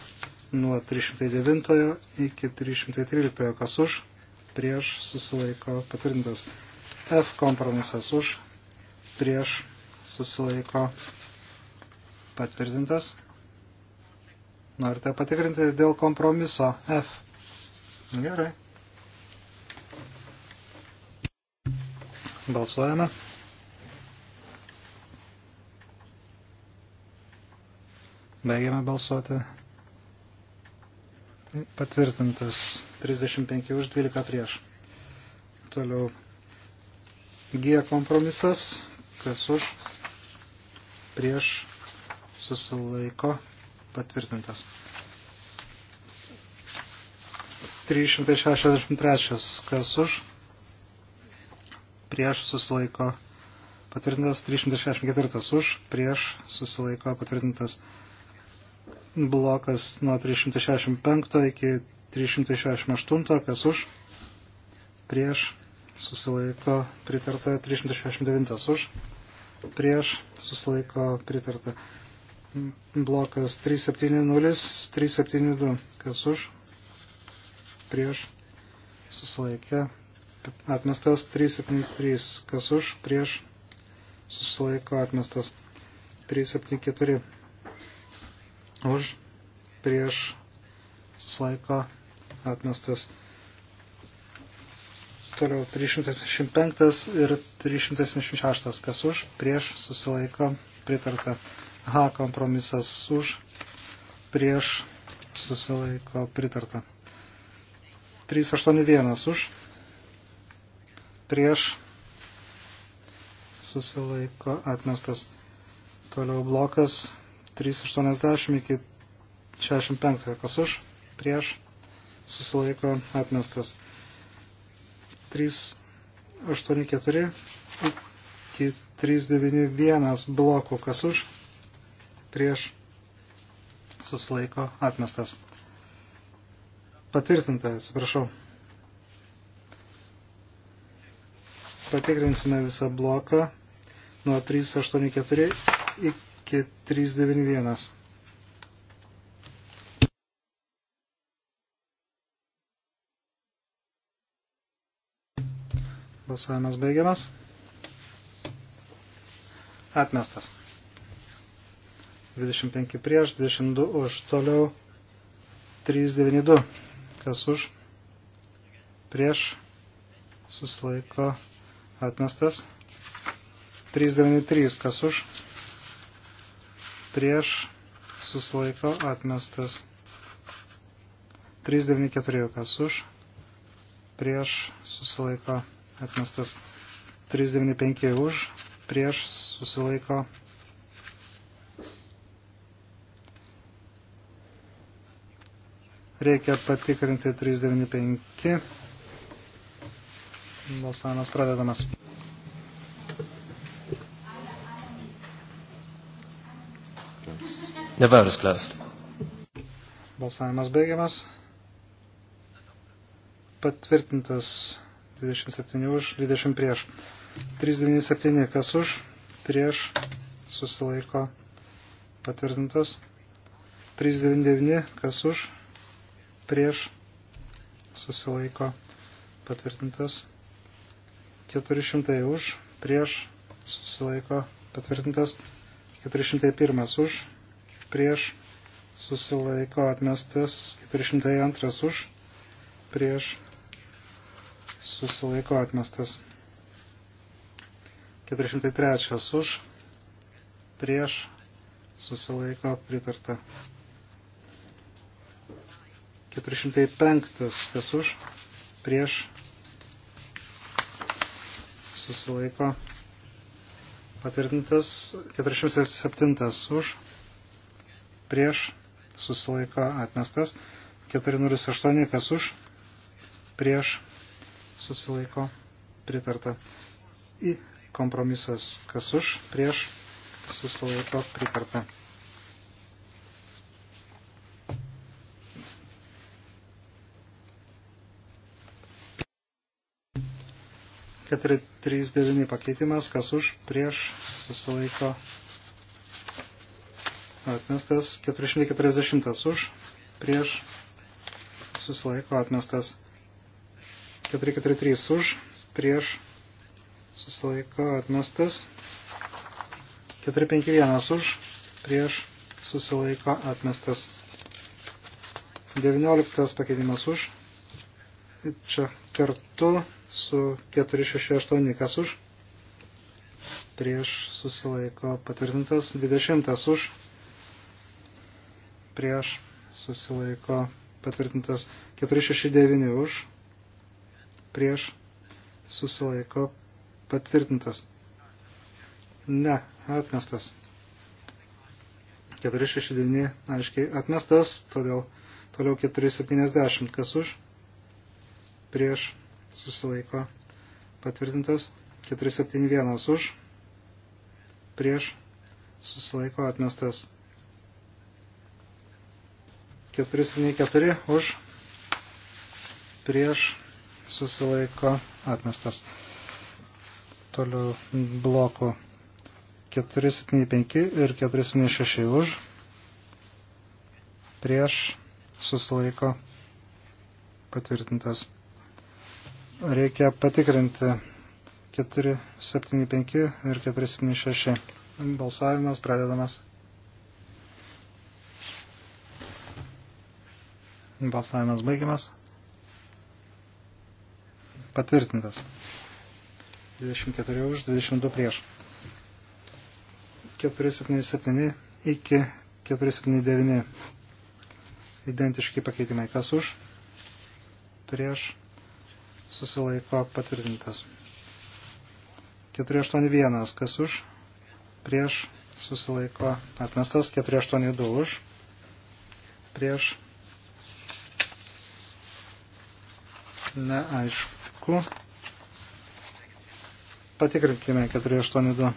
Speaker 2: nuo 309 iki 313 kas už, prieš susilaiko patvirtintas. F kompromisas už, prieš susilaiko patvirtintas. Norite patikrinti dėl kompromiso F. Gerai. Balsuojame. Baigiame balsuoti. Patvirtintas 35 už 12 prieš. Toliau G kompromisas, kas už, prieš, susilaiko, patvirtintas. 363, kas už, prieš susilaiko patvirtintas, 364 už, prieš susilaiko patvirtintas blokas nuo 365 iki 368, kas už, prieš susilaiko pritarta 369 už, prieš susilaiko pritarta blokas 370, 372, kas už, prieš susilaikė atmestas 373, kas už, prieš, susilaiko atmestas 374, už, prieš, susilaiko atmestas. Toliau 375 ir 376, kas už, prieš, susilaiko pritarta. H kompromisas už, prieš, susilaiko pritarta. 381 už, prieš susilaiko atmestas. Toliau blokas 380 iki 65, kas už, prieš susilaiko atmestas. 384 iki 391 blokų, kas už, prieš susilaiko atmestas. Patvirtinta, atsiprašau. patikrinsime visą bloką nuo 384 iki 391. Balsavimas baigiamas. Atmestas. 25 prieš, 22 už, toliau 392. Kas už? Prieš susilaiko Atmestas. 393. Kas už? Prieš. Susilaiko. Atmestas. 394. Kas už? Prieš. Susilaiko. Atmestas. 395 už. Prieš. Susilaiko. Reikia patikrinti 395. Balsavimas pradedamas.
Speaker 1: The vote is closed.
Speaker 2: Balsavimas baigiamas. Patvirtintas 27 už, 20 prieš. 397 kas už, prieš, susilaiko patvirtintas. 399 kas už, prieš, susilaiko patvirtintas. 400 už, prieš, susilaiko, patvirtintas. 401 už, prieš, susilaiko, atmestas. 402 už, prieš, susilaiko, atmestas. 403 už, prieš, susilaiko, pritarta. 405 kas už, prieš, susilaiko susilaiko patvirtintas 407 už, prieš susilaiko atmestas 408 kas už, prieš susilaiko pritarta. Į kompromisas kas už, prieš susilaiko pritarta. 439 pakeitimas, kas už, prieš, susilaiko atmestas, 440 už, prieš, susilaiko atmestas, 443 už, prieš, susilaiko atmestas, 451 už, prieš, susilaiko atmestas, 19 pakeitimas už, čia kartu su 468, kas už, prieš susilaiko patvirtintas, 20 už, prieš susilaiko patvirtintas, 469 už, prieš susilaiko patvirtintas. Ne, atmestas. 469 aiškiai atmestas, todėl toliau 470 kas už, prieš susilaiko patvirtintas, 471 už, prieš susilaiko atmestas, 474 už, prieš susilaiko atmestas. Toliau bloko 475 ir 476 už, prieš susilaiko patvirtintas reikia patikrinti 475 ir 476. Balsavimas pradedamas. Balsavimas baigiamas. Patvirtintas. 24 už, 22 prieš. 477 iki 479. Identiški pakeitimai. Kas už? Prieš susilaiko patvirtintas. 481, kas už, prieš, susilaiko atmestas, 482 už, prieš, neaišku. Patikrinkime 482.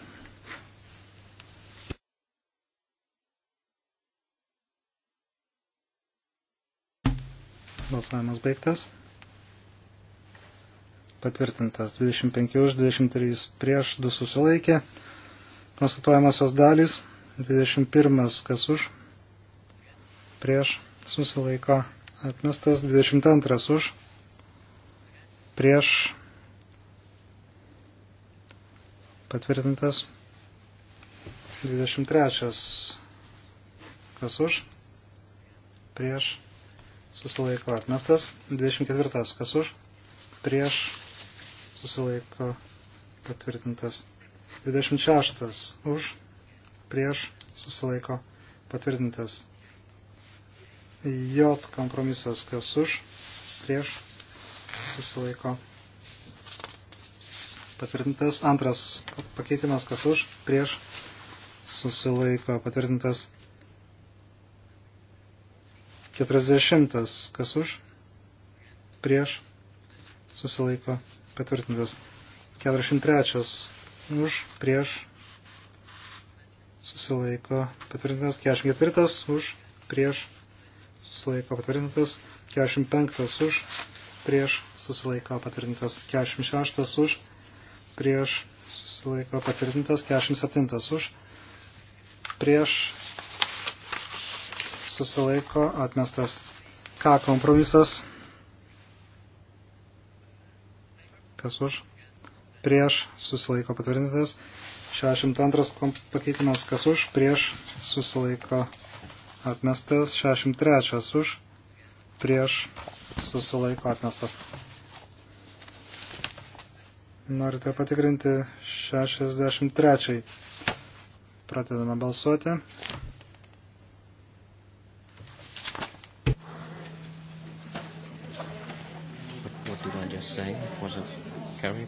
Speaker 2: Balsavimas baigtas patvirtintas 25 už 23 prieš 2 susilaikė. Konstatuojamosios dalys 21 kas už prieš susilaiko atmestas 22 už prieš patvirtintas 23 kas už prieš susilaiko atmestas 24 kas už prieš susilaiko patvirtintas. 26 už, prieš susilaiko patvirtintas. J kompromisas, kas už, prieš susilaiko patvirtintas. Antras pakeitimas, kas už, prieš susilaiko patvirtintas. 40 kas už, prieš susilaiko patvirtintas patvirtintas. 43 už, prieš, susilaiko patvirtintas. 44 už, prieš, susilaiko patvirtintas. 45 už, prieš, susilaiko patvirtintas. 46 už, prieš, susilaiko patvirtintas. 47 už, prieš, susilaiko atmestas. Ką kompromisas? kas už, prieš, susilaiko patvirtintas. 62 pakeitimas, kas už, prieš, susilaiko atmestas. 63 už, prieš, susilaiko atmestas. Norite patikrinti 63. Pradedame balsuoti.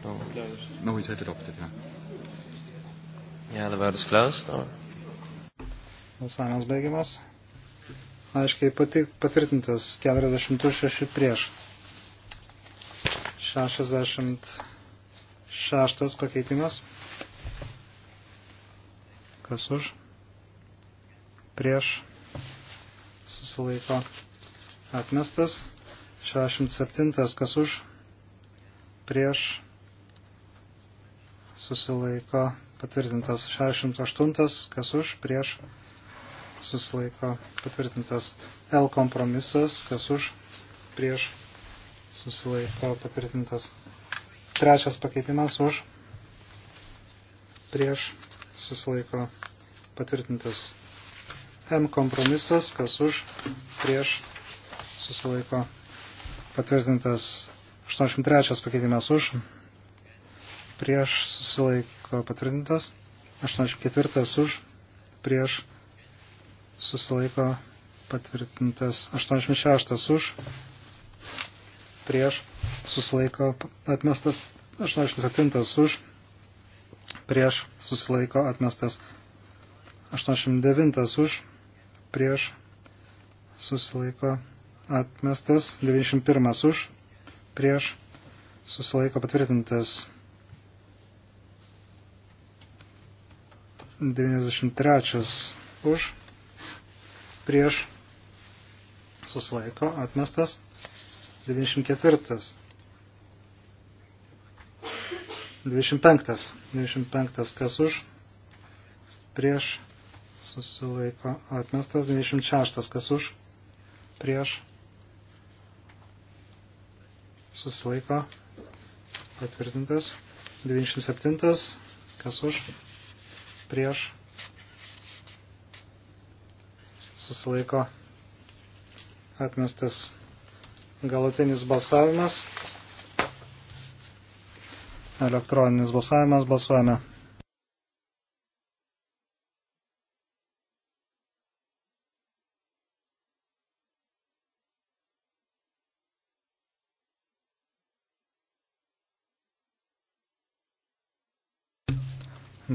Speaker 1: Oh. No, it's adopted, yeah. Yeah, the vote is closed. Or...
Speaker 2: Balsavimas baigiamas. Aiškiai pati, patvirtintas 46 prieš. 66 pakeitimas. Kas už? Prieš. Susilaiko. Atmestas. 67 kas už? Prieš susilaiko patvirtintas 68, kas už, prieš susilaiko patvirtintas L kompromisas, kas už, prieš susilaiko patvirtintas trečias pakeitimas už, prieš susilaiko patvirtintas M kompromisas, kas už, prieš susilaiko patvirtintas 83 pakeitimas už, prieš susilaiko patvirtintas, 84 už, prieš susilaiko patvirtintas, 86 už, prieš susilaiko atmestas, 87 už, prieš susilaiko atmestas, 89 už, prieš susilaiko atmestas, 91 už, prieš susilaiko patvirtintas. 93 už, prieš, suslaiko, atmestas, 94. 25. 25 kas už, prieš, susilaiko, atmestas, 26 kas už, prieš, susilaiko, patvirtintas, 97 kas už, prieš, susilaiko atmestas galutinis balsavimas, elektroninis balsavimas, balsuojame.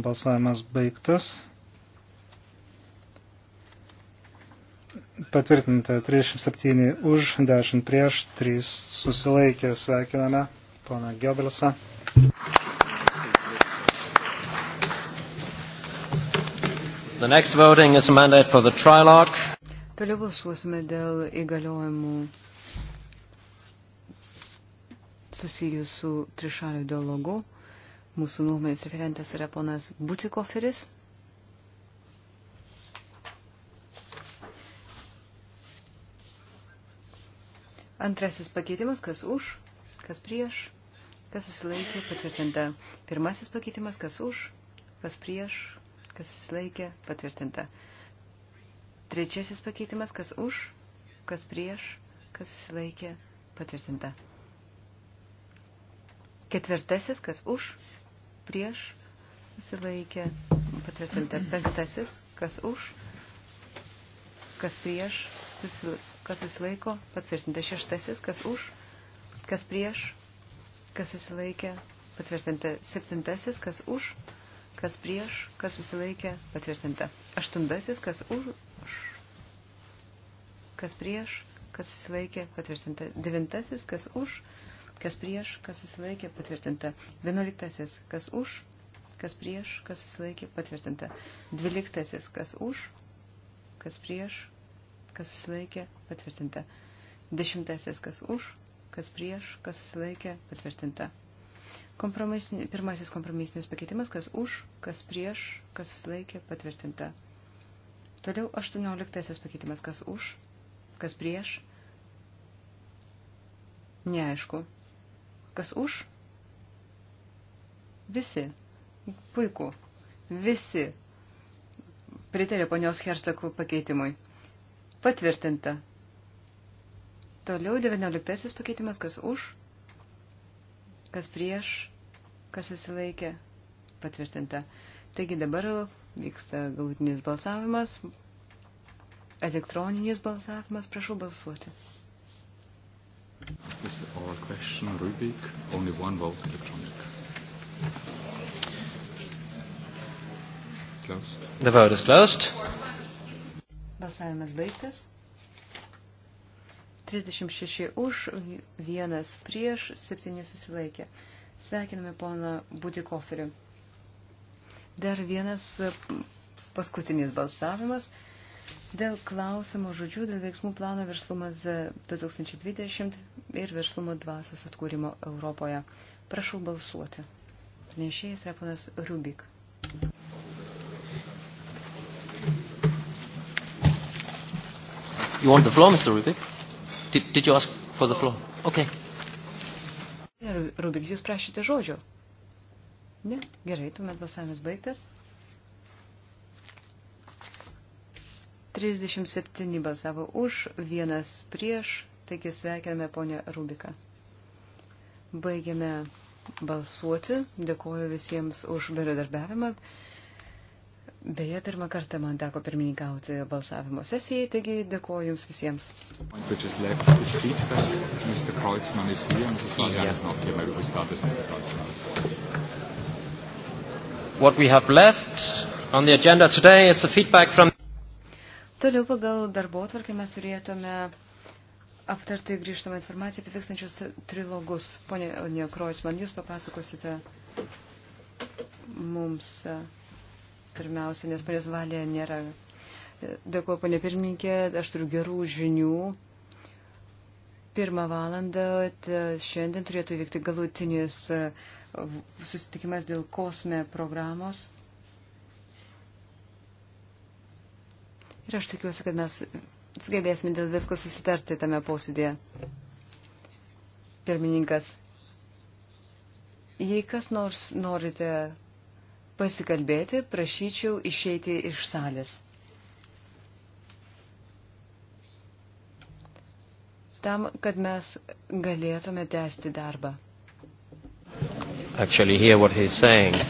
Speaker 2: Balsavimas baigtas. Patvirtinta 37 už, 10 prieš, 3 susilaikė. Sveikiname poną Gebelsą.
Speaker 1: The next voting is a mandate for the trilogue.
Speaker 3: Toliau balsuosime dėl įgaliojimų susijusių trišalių dialogų. Mūsų nuomonės referentas yra ponas Butikoferis. Antrasis pakeitimas, kas už, kas prieš, kas susilaikė, patvirtinta. Pirmasis pakeitimas, kas už, kas prieš, kas susilaikė, patvirtinta. Trečiasis pakeitimas, kas už, kas prieš, kas susilaikė, patvirtinta. Ketvirtasis, kas už, prieš, susilaikė patvirtinta penktasis, kas už, kas prieš, kas susilaiko, patvirtinta šeštasis, kas už, kas prieš, kas susilaikė, patvirtinta septintasis, kas už, kas prieš, kas susilaikė, patvirtinta aštuntasis, kas už, kas prieš, kas susilaikė, patvirtinta devintasis, kas už, kas prieš, kas prieš, kas susilaikė, patvirtinta. Vienuoliktasis, kas už, kas prieš, kas susilaikė, patvirtinta. Dvyliktasis, kas už, kas prieš, kas susilaikė, patvirtinta. Dešimtasis, kas už, kas prieš, kas susilaikė, patvirtinta. Kompromisinė, pirmasis kompromisinis pakeitimas, kas už, kas prieš, kas susilaikė, patvirtinta. Toliau aštuonioliktasis pakeitimas, kas už, kas prieš, neaišku. Kas už? Visi. Puiku. Visi. Pritarė ponios Hersakų pakeitimui. Patvirtinta. Toliau 19 pakeitimas, kas už, kas prieš, kas susilaikė, patvirtinta. Taigi dabar vyksta galutinis balsavimas, elektroninis balsavimas, prašau balsuoti. This is our
Speaker 1: question, Rubik. Only one vote electronic. Closed. The vote is closed.
Speaker 3: Balsavimas baigtas. 36 už, vienas prieš, septyni susilaikė. Sveikiname poną Budikoferį. Dar vienas paskutinis balsavimas. Dėl klausimo žodžių, dėl veiksmų plano verslumas 2020 ir verslumo dvasios atkūrimo Europoje. Prašau balsuoti. Pranešėjas yra ponas Rubik.
Speaker 1: You want the floor, Mr. Rubik? Did, did you ask for the floor?
Speaker 2: Okay.
Speaker 3: Rubik, jūs prašėte žodžio? Ne? Gerai, tuomet balsavimas baigtas. 37 balsavo už, vienas prieš, taigi sveikiname ponę Rubiką. Baigiame balsuoti, dėkoju visiems už bendradarbiavimą. Beje, pirmą kartą man teko pirmininkauti balsavimo sesijai, taigi dėkoju Jums visiems.
Speaker 1: What we have left on the agenda today is the feedback from
Speaker 3: Toliau pagal darbo atvarkį mes turėtume aptarti grįžtamą informaciją apie vykstančius trilogus. Pone Nekrojas, man jūs papasakosite mums e, pirmiausia, nes ponios valė nėra. E, dėkuoju, ponė pirmininkė, aš turiu gerų žinių. Pirmą valandą šiandien turėtų vykti galutinis e, susitikimas dėl kosme programos Ir aš tikiuosi, kad mes sugebėsime dėl visko susitarti tame posėdėje. Pirmininkas, jei kas nors norite pasikalbėti, prašyčiau išeiti iš salės. Tam, kad mes galėtume tęsti darbą.
Speaker 1: Actually, hear what he's saying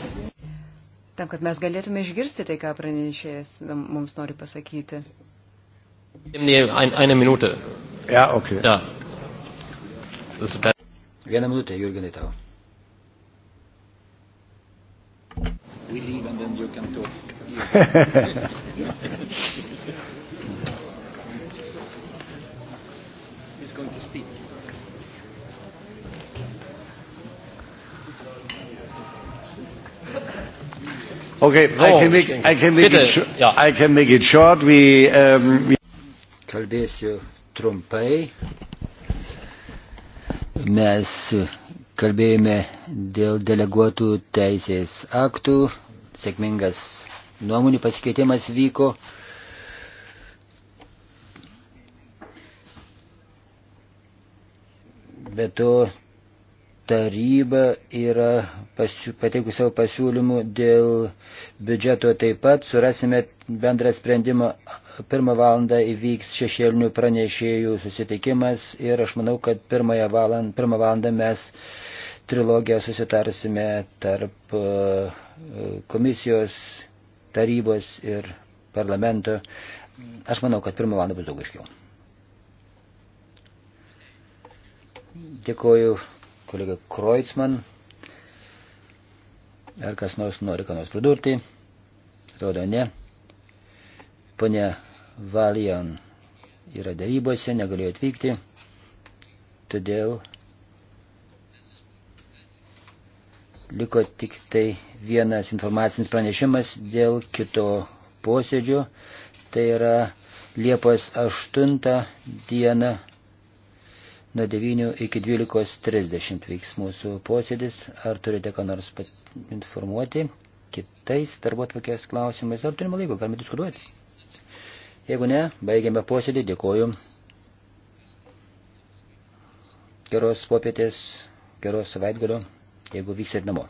Speaker 3: tam, kad mes galėtume išgirsti tai, ką pranešėjas mums nori pasakyti.
Speaker 4: Eine Minute. Ja, okay. Da. Das ist Vieną minutę, Jurgenai, tau. We leave and then you can talk.
Speaker 1: He's going to speak.
Speaker 4: Okay, so, I can make, I can make, Bitte, it, ja. I can make it short. We, um, we... Kalbėsiu trumpai. Mes kalbėjome dėl deleguotų teisės aktų. Sėkmingas nuomonių pasikeitimas vyko. Bet to taryba yra pateikusi savo pasiūlymų dėl biudžeto taip pat. Surasime bendrą sprendimą. Pirmą valandą įvyks šešėlinių pranešėjų susitikimas ir aš manau, kad pirmąją valandą, pirmą valandą mes trilogiją susitarsime tarp uh, komisijos, tarybos ir parlamento. Aš manau, kad pirmą valandą bus daug aiškiau. Dėkuoju kolega Kreutzmann. Ar kas nors nori ką nors pridurti? Rodo ne. Pone Valijan yra darybose, negalėjo atvykti. Todėl liko tik tai vienas informacinis pranešimas dėl kito posėdžio. Tai yra Liepos 8 diena nuo 9 iki 12.30 vyks mūsų posėdis. Ar turite ką nors informuoti kitais darbotvarkės klausimais? Ar turime laiko, galime diskutuoti? Jeigu ne, baigiame posėdį. Dėkoju. Geros popietės, geros savaitgalio, jeigu vyksit namo.